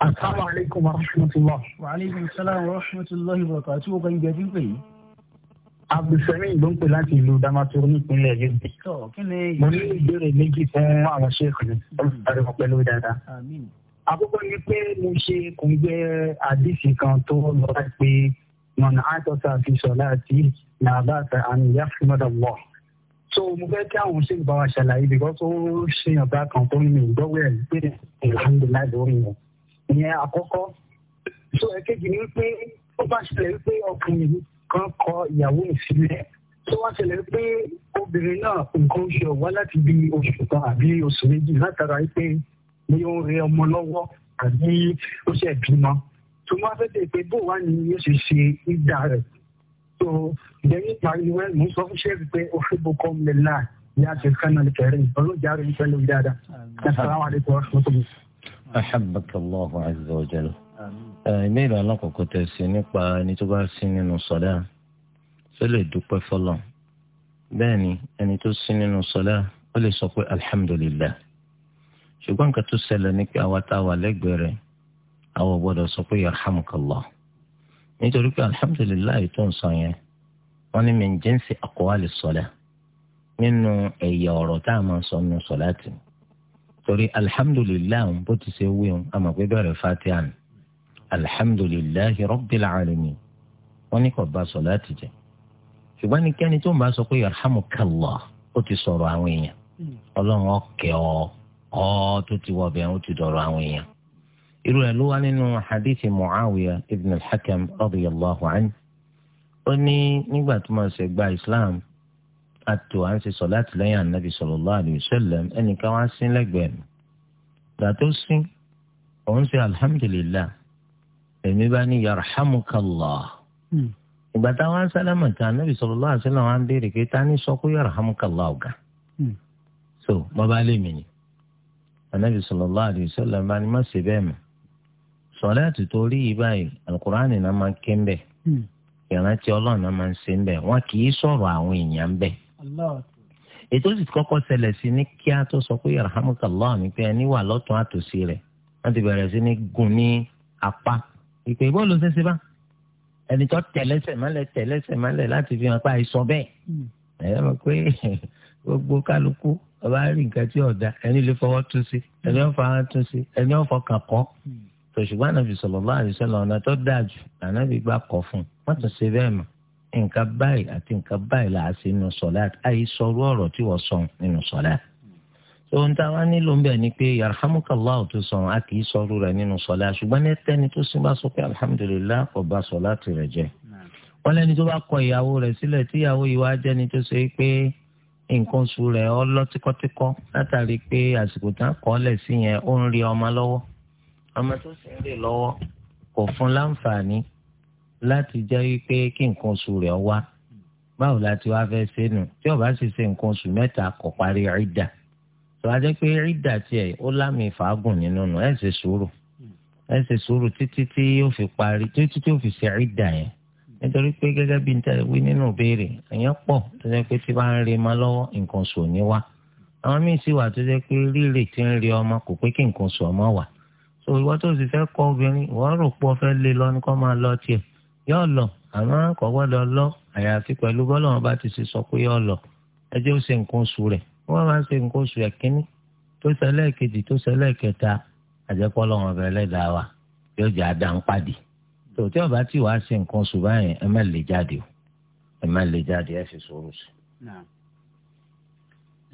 Speaker 1: Assalamu alaikum wa rahmatullah. Wa alaikum salam wa rahmatullah wa barakatuh
Speaker 2: abdulsami gbọ̀npẹ̀ láti ìlú damaturu nípínlẹ̀ Yobe. mo ní ìbéèrè méjì fún àwọn ṣéèkì olùdarí wọn pẹ̀lú dáadáa. àkọ́kọ́ ni pé mo ṣe kòńgbẹ́ àdìsí kan tó lọ́ra pé mọ̀nà àtọ́sà fi sọ̀lá àti nàbàtà àmì yàfùmọ́dà wọ̀. so mo fẹ́ kí àwọn ṣèlú bá wa ṣàlàyé bí wọ́n tó ṣèyàn bá kan tó ní ìgbọ́wọ́ ẹ̀ pé alhamdulilayi so ẹ̀kejì ni pé ó bá kan kọ ìyàwó ìsílẹ̀ tó wá ṣẹlẹ̀ pé obìnrin náà nǹkan oṣù ọ̀wá láti bí oṣù kan àbí oṣù méjì látara pé ní ó ń rẹ ọmọ lọ́wọ́ àbí ó ṣe bímọ tó máa fẹ́ tẹ̀ pé bó wà ní yóò ṣe ṣe ìdá rẹ̀ tó lẹ́yìn parí wẹ́ mú sọ fún ṣẹ́ẹ̀rì pé ó fẹ́ bọ́kọ́ ńlẹ̀ ní àti kánàlì kẹrin ọlọ́jà rẹ̀ ń pẹ́ lórí dáadáa.
Speaker 3: ahabbaka Allahu azza wa jalla ìbéèrè alákọ̀ọ́kọ́ tẹ̀ sí nípa ẹni tó bá sí nínú sọ́dá ó lè dúpẹ́ fọlọ́ bẹ́ẹ̀ ni ẹni tó sí nínú sọ́dá ó lè sọ pé alihamudulilayi ṣùgbọ́n nǹkan tó ṣẹlẹ̀ ní pé àwa tá a wà lẹ́gbẹ̀ẹ́ rẹ̀ àwọn gbọ́dọ̀ sọ pé yarhamukallah nítorí pé alihamudulilayi tó ń sọ yẹn wọ́n ní min jinsi aqwali sọ́dá nínú ẹ̀yà ọ̀rọ̀ tá a máa sọ nínú sọ́dá tì torí alihamudulilayi bó ti ṣe wí alhamdulillahi rabbil alamin wọ́n ní kò bá sọ láti jẹ ṣùgbọ́n nìkẹ́ni tó ń bá sọ pé yarhamukallah ó ti sọ̀rọ̀ àwọn èèyàn ọlọ́run ọ̀kẹ́ ọ ọ tó ti wọ bẹ́ẹ̀ ó ti dọ̀rọ̀ àwọn èèyàn irú ẹ̀ ló wá nínú hadithi muawiya ibn al-hakam radiyallahu anhu ó ní nígbà tó máa ṣe gba islam àtò à ṣe sọ láti lẹ́yìn anabi sallallahu alayhi wa sallam ẹnìkan wá sí lẹ́gbẹ̀ẹ́ mi gbà tó sí òun ṣe alhamdulillah èmi bá ní yarhamukallah hmm. ìgbà táwọn asálámà kan níbi sọ̀rọ̀ lọ́wọ́ àti náà wọ́n á béèrè pé ta ní sọ pé yarhamukallah ọ̀gá hmm. so wọ́n bá lè mí ni anabi sallallahu alayhi wa sallam bá ní má ṣe bẹ́ẹ̀ mọ́ sọ̀láàtì tó rí yìí báyìí alukur'ani náà máa ń ké ń bẹ̀ hmm. ìrántí ọlọ́run náà máa ń ṣe ń bẹ̀ wọ́n kì í sọ̀rọ̀ àwọn èèyàn ń ètò sì kọ́kọ́ ṣẹlẹ̀ sí ní kíá tó sọ pé yarhamukallah ni pé ẹni wà lọ́tún àtòsí rẹ̀ wọ́n ti bẹ̀rẹ̀ sí ní gún ní apá ìpè ìbọn ló ṣẹṣẹ bá ẹni tó tẹlẹsẹ mọ́lẹ̀ tẹlẹsẹ mọ́lẹ̀ láti fi hàn pa àìsọ bẹ́ẹ̀ hmm. ẹ mọ̀ pé gbogbo kálukú ọba rí nǹkan tí ọ̀dà ẹni lè fọwọ́ tún sí ẹni ó fọwọ́ tún sí ẹni ó fọkàn kọ́ hmm. tòṣùgbọ́n ànábì sallallahu alaihi wasallam ọ̀nà tó dáa jù ànábì gbà kọ́ fún wọ́n tún ṣe bẹ́ẹ̀ mọ̀ nǹkan báyìí àti nǹkan báyìí là á sí nínú sọ̀lá àìsọ̀rọ̀ ọ̀rọ̀ tí wọ́n sọ nínú sọ̀lá ohun tá a wá nílò ń bẹ̀ ni pé yarhamukallah tó sọ̀rọ̀ a kì í sọ̀rọ̀ rẹ̀ nínú sọ̀lá ṣùgbọ́n ní tẹ́ni tó sì bá sọ pé alhamdulilayi kò bá sọ̀lá tirẹ̀ jẹ́ wọ́n lẹ́ni tó bá kọ ìyàwó rẹ̀ sílẹ̀ tí ìyàwó yìí wá jẹ́ni tó ṣe pé nǹkan oṣù rẹ̀ ọlọ́tíkọ́tíkọ́ látàrí pé àsìkò tá a kọ́ lẹ̀ sí yẹn ó ń rí ọmọ lọ́wọ́ ọmọ tó sì ń rè lọ́wọ́ kò fún láǹfààní láti jẹ́ wípé kí nǹkan oṣù rẹ̀ wá báwo la ti wá fẹ́ ṣe nù tí ó sì ṣe nǹkan oṣù mẹ́ta kò parí ìdà tọ́wájẹ́ pé rídà tiẹ̀ ó lámì fàágùn nínú nù ẹ̀ ṣe sùúrù ẹ̀ ṣe sùúrù títí tí yóò fi parí títí tí yóò fi ṣe rídà yẹn nítorí pé gẹ́gẹ́ bí n tẹ́ wí nínú ìbéèrè èèyàn pọ̀ tó jẹ́ pé tí bá ń re ma lọ́wọ́ nǹkan sò ní wá àwọn míì sì wà tó jẹ́ pé rírè tí ń re ọmọ kò pé kí nǹkan sò ọmọ wà so ìwọ tó sì fẹ́ kọ́ obìnrin ìwọ rò pé fẹ́ lé lọ ní kó máa lọ tiẹ̀ yóò lọ àmọ́ kò gbọ́dọ̀ lọ àyàfi pẹ̀lú bọ́lọ́run ti sọ pé yóò lọ ẹjẹ́ ó ṣe nǹkan sù rẹ̀ wọ́n máa ń ṣe nǹkan oṣù ẹ̀kínní tó ṣẹlẹ̀ kejì tó ṣẹlẹ̀ kẹta àjẹpọ̀ lọ́wọ́ ọ̀bẹ ẹlẹ́dàá wa yóò jẹ́ àdánpàdé tòótọ́ ọba tí wàá ṣe nǹkan oṣù báyẹn ẹ má lè jáde o ẹ má lè jáde ẹ fi sòrò sí.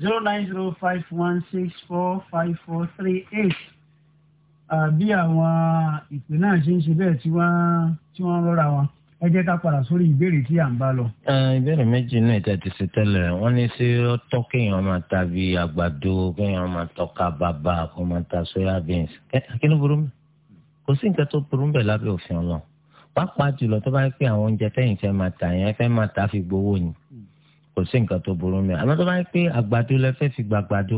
Speaker 1: zero nine zero five one six four five four three eight bí àwọn ìpè náà ṣe ń ṣe bẹ́ẹ̀ tí wọ́n rọra wọn ẹ jẹ́ ká padà sórí ìbéèrè tí à ń bá lọ.
Speaker 3: ìbéèrè méjì náà ìta ti ṣe tẹ́lẹ̀ wọ́n ní ṣé ó tọ́ kéèyàn máa ta bí àgbàdo kéèyàn máa tọ́ka bàbà kó máa ta soya beans kí ló burú mi kò sí nǹkan tó burú bẹ̀ lábẹ́ òfin ọlọ́run pàápàá jùlọ tó bá pé àwọn oúnjẹ tẹ́yìn fẹ́ máa tà yẹn fẹ́ máa ta fi gbowó ni kò sí nǹkan tó burú mi àmọ́ tó bá pé àgbàdo lẹ fẹ́ fi gbàgbàdo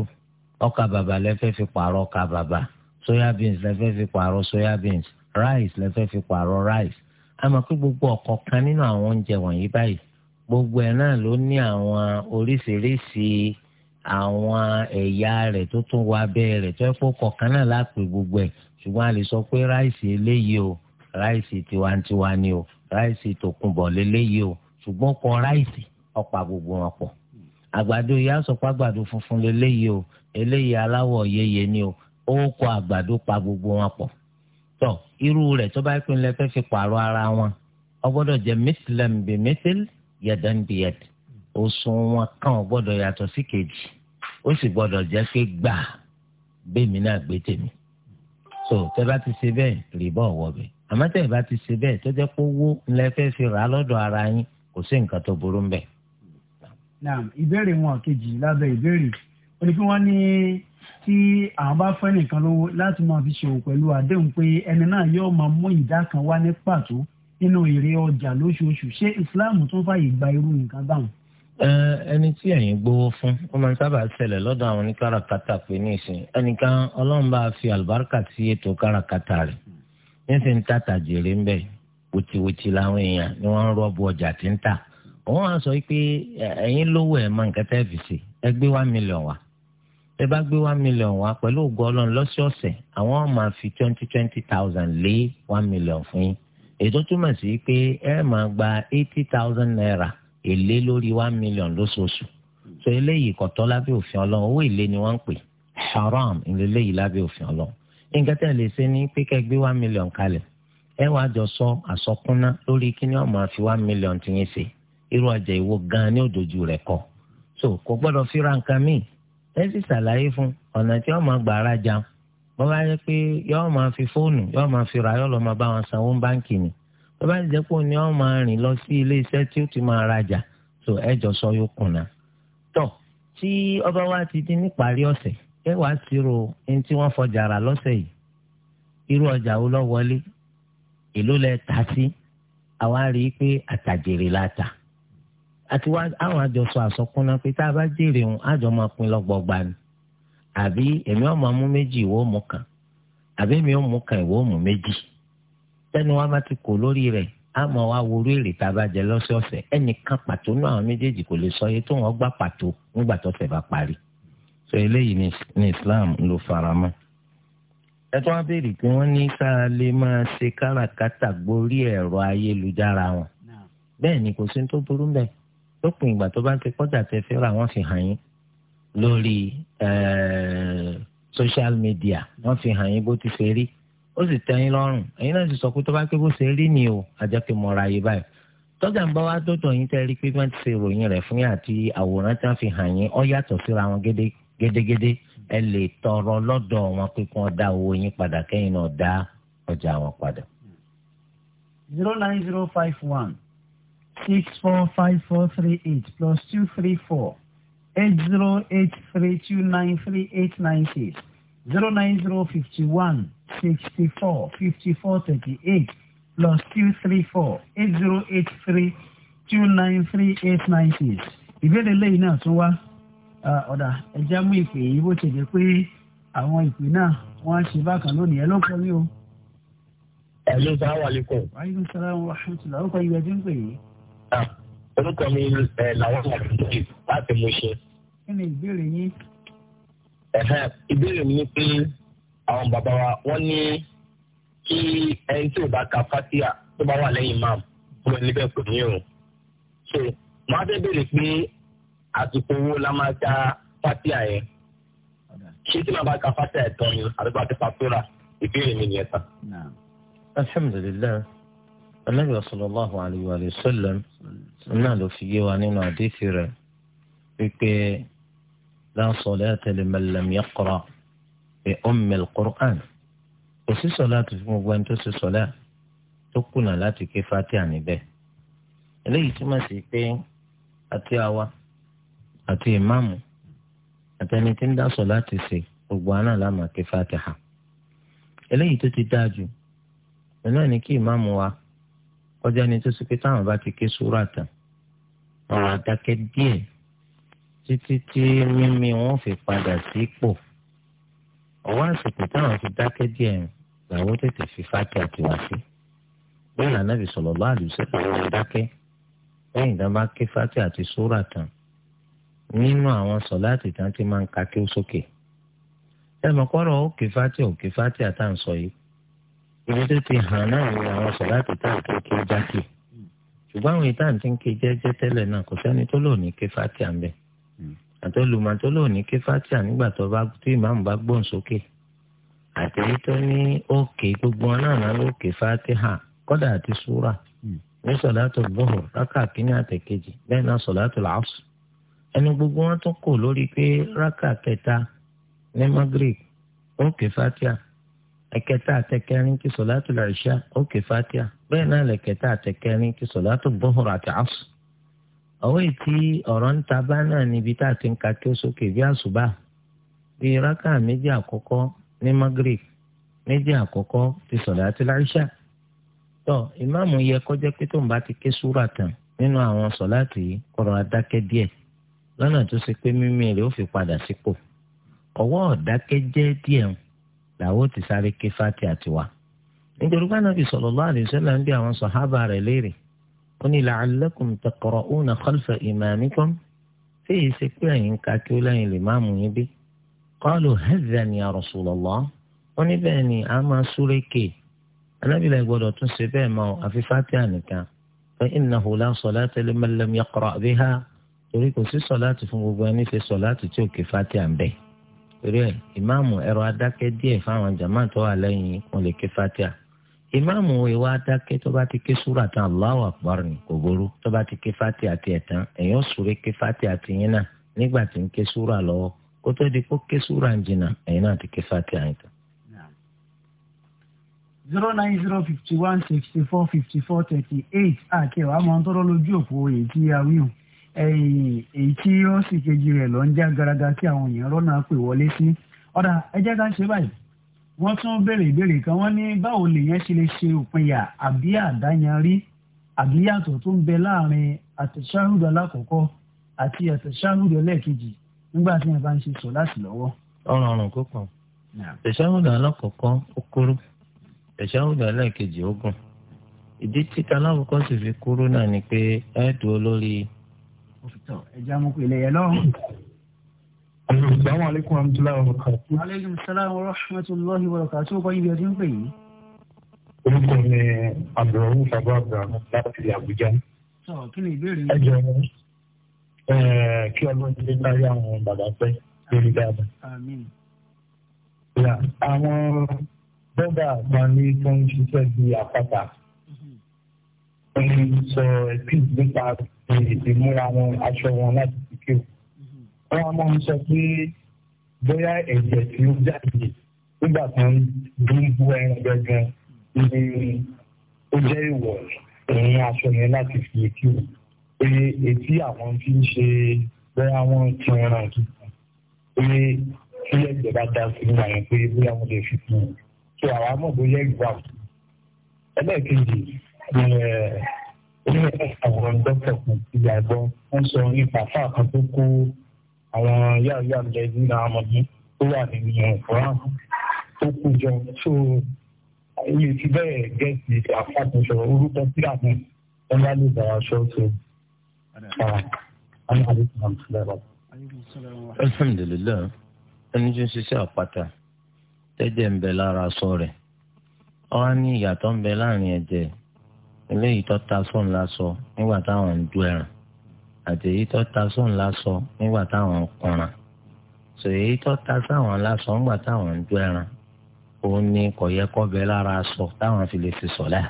Speaker 3: ọkà bàbà lẹ fẹ́ fi pààrọ̀ ọkà bàbà soya beans lẹ fẹ́ fi pààrọ̀ soya beans rice lẹ fẹ́ fi pààrọ̀ rice a mọ̀ pé gbogbo ọ̀kọ̀ọ̀kan nínú àwọn oúnjẹ wọ̀nyí báyìí gbogbo ẹ̀ náà ló ní àwọn oríṣiríṣi àwọn ẹ̀yà rẹ̀ tó tún wọ abẹ́ rẹ̀ tó ẹ̀kọ́ kọ̀ọ̀kan náà lápè gbogbo ẹ̀ ṣùgbọ́n a lè sọ pé ráìsì eléyìí o ráìsì tiwantiwa ni o ráìsì tòkunbọ̀ leléyìí o ṣùgbọ́n kọ ráìsì ọ̀pá gbogbo wọn pọ̀ àgbàdo ìyá sọ àgbàdo funfun leléyìí o eléyìí aláwọ̀ yeye ni o ó kọ àgbàdo pa gbogbo wọn pọ̀ tọ irú rẹ̀ tó bá pín lẹfẹ fi pààrọ̀ ara wọn ó gbọ́dọ̀ jẹ́ mẹsìlẹm bí mẹsìl yẹdán bí yẹd òṣùwọ̀n kan ó gbọ́dọ̀ yàtọ̀ sí kejì ó sì gbọ́dọ̀ jẹ́ pé gbà bẹmí náà gbé tèmi tó tẹ bá ti ṣe bẹ́ẹ̀ rìbọ ọwọ bẹ àmọ́ tẹ bá ti ṣe bẹ́ẹ̀ tó jẹ́ pé owó lẹfẹ fi rà lọ́dọ̀ ara yín kò sí nǹkan tó burú ń bẹ.
Speaker 1: ìbéèrè wọn kejì lábẹ́ ìbéèrè onífin wọn ní tí àwọn bá fẹ́ nìkan lówó láti máa fi ṣòwò pẹ̀lú àdéhùn pé ẹni náà yóò máa mú ìdá kan wá ní pàtó nínú èrè ọjà lóṣooṣù ṣé Islam tún fàyè gba irú nǹkan báwọn.
Speaker 3: ẹni tí ẹ̀yin gbowó fún ó máa ń sábà ṣẹlẹ̀ lọ́dọ̀ àwọn oníkàràkátà pé ní ìsìn ẹnìkan ọlọ́run bá fi àlùbáríkà sí ètò kàràkátà rẹ̀ níṣẹ́ ń tàtà jèrè ń bẹ̀ wòtíwòtí làwọn èèyàn ni wọ́n ń rọ́ọ̀bù ọjà tí ń tà wọ́n á sọ pé ẹ̀yin lówó ẹ̀ máa ń kẹ́tẹ́ fi ṣe ẹgbẹ́ one million wa ẹ bá gbé one million wá pẹ̀lú ògo ọlọ́run lọ́sọ̀ọ̀sẹ̀ àwọn máa fi twenty twenty thousand lé one million fún yín ètò túmọ̀ sí pé ẹ máa gba eighty thousand naira èlé lórí one million lóṣooṣù so eléyìí kọ̀tọ́ lábẹ́ òfin ọlọ́run owó èlé ni wọ́n ń pè haram eléyìí lábẹ́ òfin ọlọ́run nǹkan tẹ̀ lè ṣe ní pé kẹ́ gbé one million kalẹ̀ ẹ wàá jọ sọ àsọkúnná lórí kí ni ọmọ àfi one million ti yín ṣe irú ọjà ìwo gan-an ní òdòdó rẹ̀ kọ so kò gbọ́dọ̀ fi ra nǹkan míì ẹ sì ṣàlàyé fún ọ̀nà tí wọ́n máa gbà ara jà wọ́n bá yẹ pé yọ́ọ́ máa fi fóònù yọ́ọ́ máa fi ra lọ́ọ́ máa bá wọn sanwó báńkì ni tó bá jẹ́ pé ni wọ́n máa rìn lọ sí ilé iṣẹ́ tí ó ti máa rajà tó ẹ jọ sọ yóò kùnà. tọ́ tí ọba wa ti dín níparí ọ̀sẹ̀ ẹ wàá ṣírò ní tí wọ́n fọjà rà lọ́sẹ̀ yìí irú ọjà wo ló wọlé èló lẹ tà sí àwa rí i pé àtàjèrè la tà àti àwọn àjọsọ àsọkúnná pé tá a bá jèrè òun àjọ máa pín lọ́gbọ̀gba ni àbí èmi ọmọ mú méjì ìwọ mú kan àbí èmi ọmọ kan ìwọ mú méjì tẹnu wa máa ti kò lórí rẹ̀ àmọ́ wa wo èrè tá a bá jẹ lọ́sọ̀ọ̀sẹ̀ ẹnìkan pàtó náà àwọn méjèèjì kò lè sọ iye tó wọn gbà pàtó nígbà tó fẹ́ bá parí sọ eléyìí ní Islam ló fara mọ́ ẹ tún wá béèrè pé wọ́n ní ká lè máa ṣe káràkátà gborí ẹ̀rọ ayélujára wọn bẹ́ẹ̀ ni kò sí ní tó burú bẹ́ẹ̀ lópin ìgbà tó bá ń ti kọjá tẹ fẹ́ ra wọ́n fi hàn yín lórí social media wọ́n fi hàn yín bó ti ṣe rí ó sì tẹ́ yín lọ́rùn ẹ̀yin náà sì sọ pé tó bá pé bó ṣe rí ni o àjẹ́ pé mo ra ayé báyìí tọ́jà ń bá wá dọ́dọ̀ yín tẹ́ rí pé wọ́n ti ṣe ìròyìn rẹ̀ fún yín àti àwòrán tí wọ́n fi hàn yín ó yàtọ̀ síra wọn gédégédé ẹ lè tọrọ lọ́dọ̀ wọn pé kí wọ́n dá owó yín padà kẹ́yìn náà dá ọjà wọn padà.
Speaker 1: zero nine zero five one six four five four three eight plus two three four eight zero eight three two nine three eight nine six zero nine zero fifty one sixty four fifty four thirty eight plus two three four eight zero eight three two nine three eight nine six ìbéèrè lẹ́yìn náà tún wá ọ̀dà ẹja mú ìpè yìí bó ti di pé àwọn ìpè náà wọ́n á ṣe bákan lónìí ẹ ló kọ́ mi o. ẹ ló sá wà lẹ́kọ̀ọ́. wàhálà sàlámù wàhálà tó lọ́kọ̀ ìgbà tí ń pè yìí
Speaker 2: orúkọ mi eh, làwọn àdúgbò láti mú ṣe.
Speaker 1: kí ni ìbéèrè yín.
Speaker 2: ìbéèrè mi ni pé àwọn bàbá wa wọ́n ní kí ẹni tí ò bá ka fatia tó bá wà lẹ́yìn imam kúrò níbẹ̀ kò ní òun. so màá fẹ́ béèrè pé àsìkò owó la máa ka fatia yẹn ṣé tí màá bá ka fatia ẹ̀ tán ni àdúgbò àti fatura ìbéèrè mi nìyẹn tán.
Speaker 3: alhamdulilayi anabi sallallahu alayhi wa sallam náà ló fi yé wa nínú àdéhìí rẹ̀ wípé la salata liman lam yaqra bi ummil qur'an kò sí sọlá tó fi gbogbo ẹni tó ṣe sọlá tó kùnà láti ké fatiha níbẹ̀ eléyìí túmọ̀ sí pé àti àwa àti ìmáàmù àtẹni tí ń dá sọlá ti ṣe gbogbo àná lámà ké fatiha eléyìí tó ti dáa jù náà ni kí ìmáàmù wa kọjá ni tó sì pé táwọn bá ti ké sùúrà tán ọ̀rọ̀ àdákẹ́ díẹ̀ títí tí mímí wọn fi padà sípò ọwọ́ àsìkò táwọn fi dákẹ́ díẹ̀ làwọn tètè fi fákì àtiwá sí bẹ́ẹ̀ lànàbì sọ̀rọ̀ bá àdùsẹ́ àwọn dákẹ́ lẹ́yìn tá a bá ké fákì àti sùúrà tán nínú àwọn sọ̀láàtì tán ti máa ń ka kí ó sókè ẹ̀ mọ̀kọ́rọ̀ ó ké fákì ó ké fákì àtàǹsọ yìí ibi tó ti hàn náà ni àwọn sọ̀láàtì tá à ṣùgbọ́n àwọn ìta àti ń ké jẹ́jẹ́ tẹ́lẹ̀ náà kò sẹ́ni tó lò ní ké fatia ń bẹ̀ hmm. àtọ́lùmọ̀ tó lò ní ké fatia nígbà tó bá tó ìmáàmù bá gbóhùn sókè àtẹ̀yí ní òkè gbogbo wọn náà náà lókè kọ́dà àti hmm. ní bọ́ọ̀ rákà kínní ẹ̀kẹta àtẹ̀kẹrin kí sọ̀látù làṣà òkè fatia bẹ́ẹ̀ náà lẹ̀kẹta àtẹ̀kẹrin kí sọ̀látù bọ́hùr àti àṣù. ọ̀wọ́ ètí ọ̀rọ̀ ń ta bá náà níbi tá a ti ń ka kí ó sókè bí àṣùbà bí rákà méjì àkọ́kọ́ ní magrib méjì àkọ́kọ́ ti sọ̀látù làṣà. tọ́ ìmáàmù yẹ kọjá pé tó bá ti ké súrà tán nínú àwọn sọ̀látù yìí kọ̀rọ̀ adákẹ́ díẹ̀ lọ́nà tó ṣe pé mímí rẹ̀ ó fi padà sípò ọwọ́ ọ̀dákẹ́ jẹ́ díẹ̀ làwọn ò ti sáré ké fati àtiwá nítorí pé anábì sallallahu alaihi wasallam ń bí àwọn sàhábà rẹ̀ léèrè ó ní la'allakum taqra'una khalfa imamikum ṣé èyí ṣe pé ẹ̀yin ka kí ó lẹ́yìn lè má mú yín bí qalu hadhan ya Rasulullah ó ní bẹ́ẹ̀ ni a máa súré ké anábìlẹ̀ gbọ́dọ̀ tún ṣe bẹ́ẹ̀ mọ́ àfi fati ànìkan torí kò sí sọ̀láàtì fún gbogbo ẹni ṣe sọ̀láàtì tí ò ké fati à ń bẹ́ẹ̀. torí ẹ ìmáàmù ẹ̀rọ adákẹ́ díẹ̀ fáwọn jàmáà tó wà lẹ́yìn wọn fatia ìmáàmù ìwà tó bá ti ké súrà tán Allahu Akbar kò burú tó bá ti ké fatia tiẹ̀ tán èèyàn sùré ké fatia ti náà nígbà tí ń ké kó tó di kó ké ń jìnnà náà ti ké fatia yín tán.
Speaker 1: zero nine zero fifty one sixty four fifty four thirty eight a èyí tí ó sì kejì rẹ lọ ń já garaga kí àwọn èèyàn rọnà pè wọlé sí ọ̀dà ẹjẹ jẹ́ ká ṣe báyìí wọ́n tún béèrè ìbéèrè kan wọn ní báwo lèèyàn ṣe lè ṣe òpinya àbí àdáyanrí àbí tó ń bẹ láàrin àtẹ̀sáhùdù alákọ̀ọ́kọ́ àti àtẹ̀sáhùdù ẹlẹ́ẹ̀kejì nígbà tí wọ́n bá ń ṣe sọ láti lọ́wọ́.
Speaker 3: ọ̀rọ̀ ọ̀rọ̀ kó kàn
Speaker 1: tọ ẹja mú pèlè yẹn lọ. Assalamu alaikum warahmatullahi wabarakatuh. Wa alaikum assalam warahmatullahi wabarakatuh. o kọ́ ibi ọdún pè yìí.
Speaker 2: Orúkọ mi Abdulrahman Fabu Abdulrahman láti Abuja.
Speaker 1: Sọ kí ni ìbéèrè
Speaker 2: yìí? Ẹ jọ kí ọlọ́run ti kárí àwọn bàbá pẹ́ lórí dáadáa. Àmín. Àwọn bọ́dà kan ní tó ń ṣiṣẹ́ di àpáta. Mhm. Wọ́n sọ ẹ̀pì nípa rẹ̀ ètò ìmúra wọn aṣọ wọn láti fi kí o wọn máa ń sọ pé bóyá ẹ̀jẹ̀ tí ó jáde nígbà tó ń dúró ẹran gangan ní ó jẹ́ ìwọ̀ ìrìn aṣọ yẹn láti fi kí o pé etí àwọn fi ń ṣe bóyá wọn ti ràn tuntun pé tí ẹ̀jẹ̀ bá dá sí nígbà yẹn pé bóyá wọn lè fi kí o kí àwa mọ̀ bóyá ìgbà ẹlẹ́ẹ̀kejì ni ẹ̀ẹ́ ní àwọn dókítà kan ìyá ẹ̀gbọ́n wọ́n sọ nípa fáà kan tó kó àwọn yáàyà ilẹ̀ nínú àwọn ọmọdé tó wà nínú ìfúnra tó kú jọ tó iye ti bẹ́ẹ̀ gẹ̀ẹ́sì àfàtúnṣe orúkọ sí àwọn ọlá lè bàrà ṣọ́ọ̀tù. alhamdulilayi
Speaker 3: ẹni tí ń ṣiṣẹ́ àpáta tẹ́jẹ̀ ń bẹ lára aṣọ rẹ̀ wọ́n á ní ìyàtọ̀ ń bẹ láàrin ẹ̀jẹ̀ eléyìí tó ta sóun lásọ nígbà táwọn ń du ẹran àti èyí tó ta sóun lásọ nígbà táwọn ń kunran sọ èyí tó ta sáwọn lásọ nígbà táwọn ń du ẹran òun ni kò yẹ kó bẹ lára aṣọ táwọn fi lè fi sọlá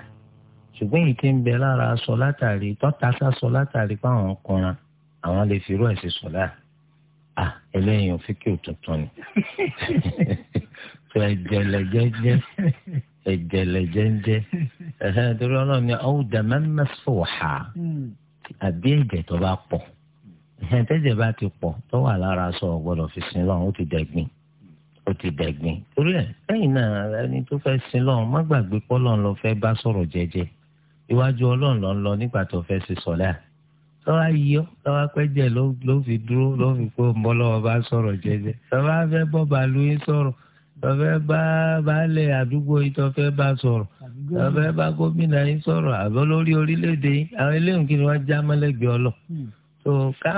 Speaker 3: ṣùgbọ́n èyí tí ń bẹ lára aṣọ látàrí tó ta sásọ látàrí fáwọn ń kunran àwọn lè fi irú ẹ̀ sí sọlá ah eléyìí ò fi kí òtútù ni tó ẹ jẹlẹ jẹjẹ ẹ̀jẹ̀ lẹ̀jẹ̀ ń jẹ́ ẹ̀hẹ́n torí ọlọ́run ni ọ̀hún dàmẹ́ mẹ́sọ̀ọ̀hà àbí ẹ̀jẹ̀ tó bá pọ̀ ẹ̀hẹ́n tẹ́jẹ̀ bá ti pọ̀ tó wà lára aṣọ ọ̀gbọ́dọ̀ fi sin lọ́run ó ti dẹ̀gbìn ó ti dẹ̀gbìn torí ẹ̀ lẹ́yìn náà ẹni tó fẹ́ sin lọ́run má gbàgbé pọ́lọ́n lọ fẹ́ bá sọ̀rọ̀ jẹ́jẹ́ iwájú ọlọ́run lọ ń lọ nígbà tó fẹ́ ṣe sọ̀lẹ́ à tọ́wá yíyọ́ tọ́wá ló fi dúró ló fi kó ń bọ́ lọ́wọ́ bá sọ̀rọ̀ jẹ́jẹ́ tọ́wá fẹ́ bọ́ bàálù sọ̀rọ̀ tọ́fẹ́ bá baálé àdúgbò yìí tọ́fẹ́ bá sọ̀rọ̀ tọ́fẹ́ bá gómìnà yìí sọ̀rọ̀ àbọ̀ lórí orílẹ̀-èdè yìí àwọn eléyìí kí ni wọ́n já mọ́lẹ́gbẹ̀ẹ́ ọlọ. tó hmm. ká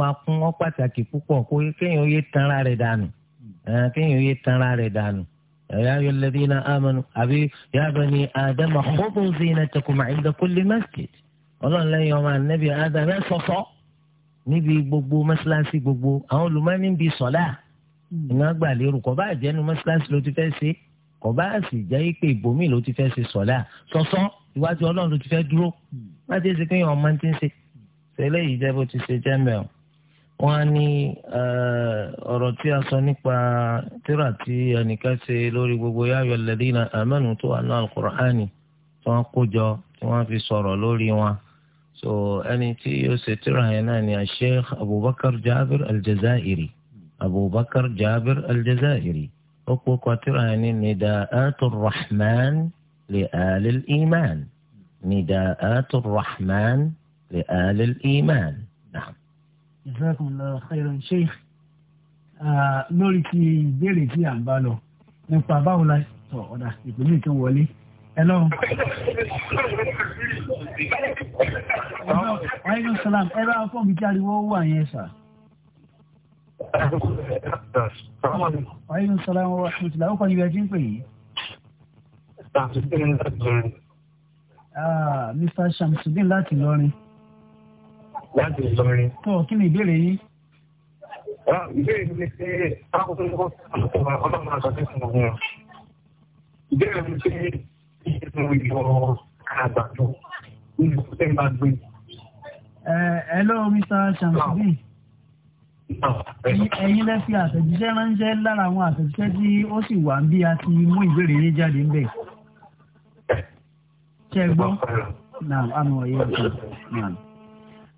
Speaker 3: wa kún wọn pàtàkì púpọ̀ kó kéèyàn yé tanra rẹ̀ dànù hmm. kéèyàn yé tanra rẹ̀ dànù. يا أيها الذين آمنوا أبي يا بني آدم خذوا زينتكم عند كل مسجد ọlọ́run iná gbà lérò kọ́ bá àjẹnu mọ́ṣáláṣí ló ti fẹ́ ṣe kọ́ bá sì jẹ́ pé ìbomi ló ti fẹ́ ṣe sọ̀lá sọ́sọ́ iwájú ọlọ́run ló ti fẹ́ dúró má ti ṣe pé ọmọ ti ń ṣe tẹ́lẹ̀ yìí jẹ́ bó ti ṣe jẹ́ mẹ́ọ̀ wọ́n á ní ọ̀rọ̀ tí a sọ nípa tírà tí ẹnìkan ṣe lórí gbogbo yáyọ lẹ́dínà àmẹ́nu tó wà ní alukur'ani tí wọ́n kó jọ tí wọ́n fi sọ̀rọ̀ lórí wọn so ẹni tí yóò ṣe tírà yẹn náà ni Sheikh Abubakar Jabir Al-Jazairi أبو بكر جابر الجزائري أكو يعني نداءات الرحمن لآل الإيمان نداءات الرحمن لآل الإيمان
Speaker 1: نعم جزاكم الله خيرا شيخ لوري في بيلي في عمبالو من باباو لاي وانا يقولي كم ولي ألو أيها السلام أيها أفهم بكالي وواني يا شخص
Speaker 2: Aleykum
Speaker 1: salaam wa rahmatulah. Ó kọ́ ibi ẹjí ń pè yìí.
Speaker 2: Ṣàtúndínlá
Speaker 1: ah, láti lọrin. Mr. Shamsudin láti lọrin.
Speaker 2: Láti lọrin. Tó kí ni ìbéèrè yín? Ah, ìbéèrè mi ni pé àkókò ní kókò ọlọ́run máa sọ fún ọmọ wọn. Ìbéèrè mi pé ìṣègùn ìwọ àgbàdo ní ìfúnpẹ́ máa gbé.
Speaker 1: Hello, Mr. Shamsudin. ẹ̀yin ẹyin fi àtẹ̀jíṣẹ́ ránṣẹ́ lára àwọn àtẹ̀jíṣẹ́ tí ó sì wà bí a ti mú ìbéèrè yẹn jáde ńbẹ̀. ṣe gbọ́ naam àmì wọ̀nyí
Speaker 2: ọ̀sán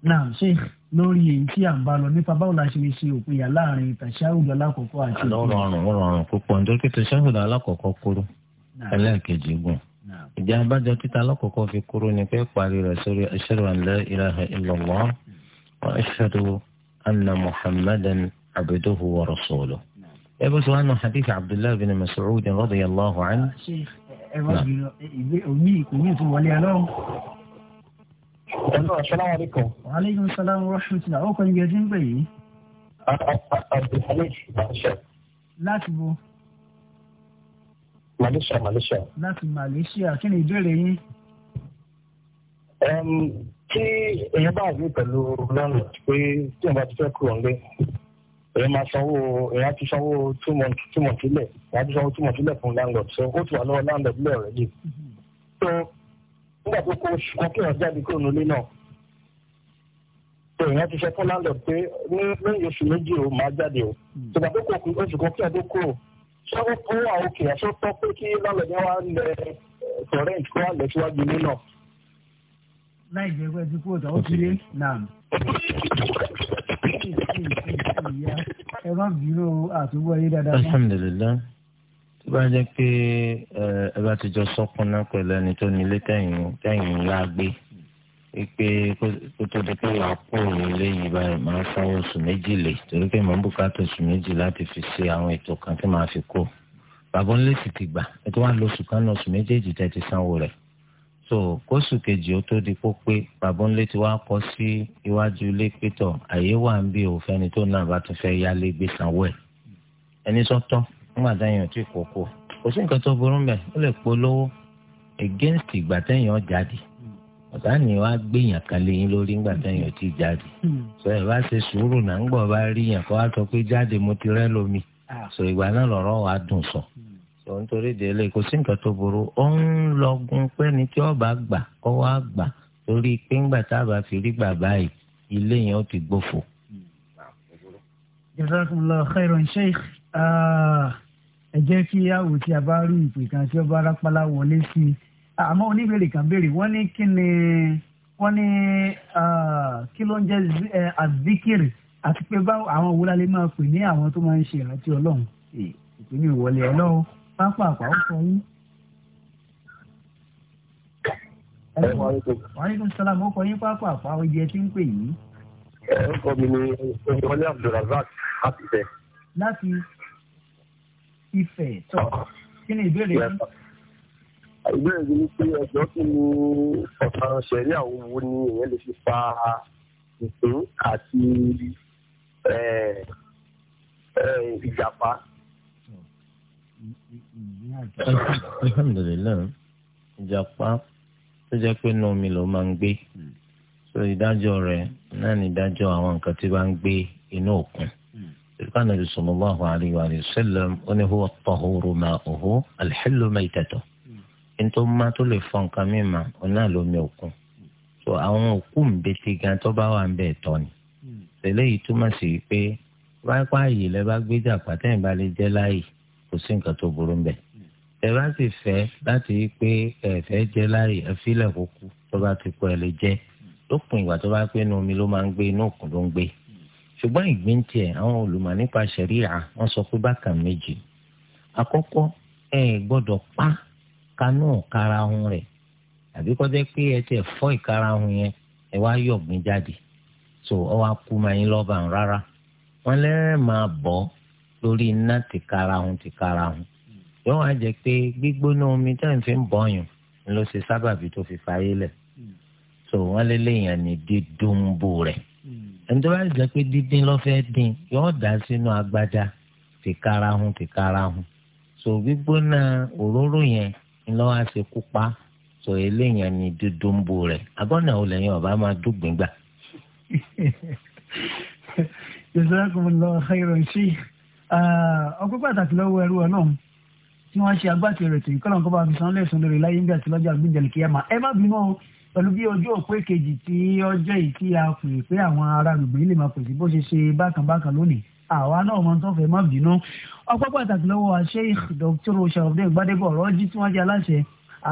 Speaker 1: naam ṣe lórí èyí tí à ń bá lọ nípa báwo la ṣe lè ṣe láàrin alákọ̀ọ́kọ́ àti.
Speaker 3: púpọ̀ alákọ̀ọ́kọ́ kúrú ẹlẹ́ẹ̀kejì gùn alákọ̀ọ́kọ́ fi kúrú pé parí rẹ̀ sórí أن محمدا عبده ورسوله يبث عنه حديث عبد الله بن مسعود رضي الله عنه
Speaker 2: السلام عليكم
Speaker 1: وعليكم السلام ورحمة الله عوكم يجين بي عبد الحميد لا تبو ماليشيا ماليشيا لا تبو ماليشيا
Speaker 2: كان يدري kí èèyàn bá àgbẹ̀ pẹ̀lú lọ́nà pé tí èèyàn bá ti fẹ́ kúrò ńlẹ̀ èèyàn máa sanwó èèyàn ti sanwó two months two months lẹ̀ èèyàn ti sanwó two months lẹ̀ fún landlord so ó ti wà lọ́wọ́ landlord lẹ̀ already so nígbà tó kó oṣù kan kéèyàn jáde kúrò nílé náà so èèyàn ti sọ fún landlord pé ní lẹ́yìn oṣù méjì o máa jáde o ìgbà tó kó oṣù kan kéèyàn tó kúrò ṣé ó kó àwọn òkè àṣọ tọ́ pé kí landlord yẹn wá lẹ̀ eh,
Speaker 1: láì jẹ́ pé ti kú ọ̀tọ̀ ó ti náà. ẹ má bínú àtúbọ̀ yé dáadáa.
Speaker 3: alhamdulilayi tó bá jẹ́ pé ẹ bá ti jọ sọ́kùnná pẹ̀lú ẹni tó nílé tẹ̀yìn tẹ̀yìn ńlá pé kó tó di pé wàá ilé yìí báyìí máa sanwó oṣù méjì lè torí pé màá bùkátà oṣù méjì láti fi ṣe àwọn ètò kan tí màá fi kó bàbá ńlẹ̀ ti gbà ẹ tó wá lọ kan náà oṣù méjèèjì tẹ́ ti sanwó rẹ̀ so kóṣù kejì ó tó di kó pé bàbá ńlẹ tí wàá kọ sí iwájú ilé pétọ àyè wà ń bí òfẹni tó náà bá tún fẹ́ yálé gbé sanwó ẹ ẹni sọtọ nígbà táyàn tí kò kó kò sí nǹkan tó burú mẹ ó lè polówó against ìgbà téèyàn jáde ọ̀tá ni wàá gbéyàn kan léyìn lórí ńgbà téèyàn ti jáde sọ ẹ bá ṣe sùúrù náà ńgbọ̀ bá rí yàn kó wá sọ pé jáde mo ti rẹ́ lómi ah. sọ ìgbà náà lọ́rọ̀ wàá dùn sọ. So, tó ń torí délé kò sí nǹkan tó burú ó ń lọgun pé ní tí ọba gbà kọ́ wá gbà torí pé ńgbà tá a bá fi rí gbà báyìí ilé yẹn ó ti gbófo.
Speaker 1: jazakumullahu khairan sheikh ẹ jẹ́ kí àwò tí a bá rí ìpè kan tí ọba arápálá wọlé sí i àmọ́ oníbèrè kan béèrè wọ́n ní kí ni wọ́n ní kí ló ń jẹ́ azikiri àti pé báwo àwọn òwúlálẹ́ máa pè ní àwọn tó máa ń ṣe ìrántí ọlọ́run ìpínlẹ̀ ìwọlé ọlọ́run pápá àpá ó fún yín. wàhálà sọlá mo kọ yín pápá àpá ojú ẹ ti ń pè
Speaker 2: yìí. orúkọ mi ni olùkọ́lé abdulrasaq láti Ifẹ̀. láti Ifẹ̀ tó kí ni ìbéèrè yín. ìbéèrè yìí ni pé ẹjọ́ kí ni ọ̀sán ṣẹ̀rí àwọn owó ni èèyàn lè fi fa ìpín àti ìjàpá alhamdulilayi
Speaker 3: ìjàpá tó jẹ́ pé inú omi ló máa ń gbé so ìdájọ́ rẹ̀ náà ní ìdájọ́ àwọn nǹkan tí wọ́n ń gbé inú òkun ìrìkàn nàbì sallallahu alayhi wa sallam ó ní huwa at-tahuru ma'uhu al-hillu maytatuhu nítorí má tó lè fọ nǹkan mímọ́ ọ náà lómi òkun so àwọn òkú ńbete gan tó bá wà ń bẹ̀ tọ́ ni tẹ́lẹ̀ yìí túmọ̀ sí pé wáyé pààyè lẹ́ bá gbé jà pàtẹ́yìnbá lè jẹ́ láàyè kò sí nǹkan tó burú mbẹ ẹ bá sì fẹ́ láti rí pé ẹ fẹ́ jẹ láàyè ẹ fílẹ̀ kó kú tó bá ti kú ẹ lè jẹ lópin ìgbà tó bá pé inú omi ló máa ń gbé inú òkun ló ń gbé ṣùgbọ́n ìgbín tiẹ̀ àwọn olùmọ̀ nípa ṣẹ̀ríà wọ́n sọ pé bákan méjì àkọ́kọ́ ẹ gbọ́dọ̀ pa kanú karahun rẹ̀ àbí kọ́já pé ẹ tiẹ̀ fọ́ ìkarahun yẹn ẹ wá yọ̀gbìn jáde so ọ wá kú máa yín lọ́ba rárá wọ́n lẹ́rẹ̀ máa bọ̀ ọ́ lórí iná tìkara hun tìkara hun yóò wá jẹ pé gbígbóná omi tẹ́ ń fi ń bọ̀yàn ló ṣe sábàbí tó fi fàyè lẹ̀ tó wọ́n lé léèyàn ní dídúnbò rẹ̀ ẹni tó bá jẹ pé dídín lọ́ fẹ́ dín yóò dá sínú agbada tìkara hun tìkara hun tó gbígbóná òróró yẹn ńlọ́ wá ṣe kú pa sọ eléyàn ni dúdúńbù rẹ abọ́nà olè yẹn ọba máa dùgbìn gbà.
Speaker 1: jazakumullahu khairan sheikh ọpẹ́ ah, pàtàkì lọ́wọ́ ẹrú Ọlọ́run tí wọ́n ṣe agbátẹrù ètò ìkọlọ nǹkan bá fi san lẹsùn lórí láyé ń bí àtìlọjọ àgbéjẹlì kí ẹ mà ẹ má bímọ pẹ̀lú bí ojú òpó kejì tí ọjọ́ yìí tí a pè pé àwọn ará àgbègbè lè máa pèsè bó ṣe ṣe bákan bákan lónìí àwa náà mọ tó fẹ́ má bínú ọpẹ́ pàtàkì lọ́wọ́ Sheikh Dr. Sharafdin Gbadebo Ọ̀rọ̀jí tí wọ́n jẹ́ aláṣẹ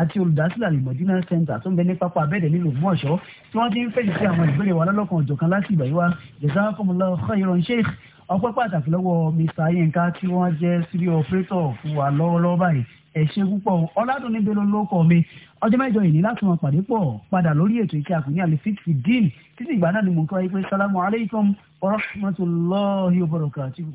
Speaker 1: àti olùdásílẹ̀ alimọ̀dínà center tó ń bẹ ní pápá abẹ́ẹ̀dẹ̀ nílùú Ògbómọ̀ṣọ́ tí wọ́n ti ń fèsì sí àwọn ìbéèrè wa lọ́lọ́kan ọ̀jọ̀kan láti yìí wá jazakumullahu khairan Sheikh ọpẹ́ pàtàkì lọ́wọ́ mr yinka tí wọ́n jẹ́ studio operator fún wa lọ́wọ́lọ́wọ́ báyìí ẹ púpọ̀ ọ̀làdùnní bẹ́ẹ̀ ló kọ́ mi ọjọ́ mẹ́jọ yìí ní láti wọn pàdé pọ̀ padà lórí ètò ìkẹ́ àkùnrin àlefit fìdíìn títí ìgbà náà ni mò ń kọ́ ẹ pé sálámù aleykum wa rahmatulahi wa barakatuhu.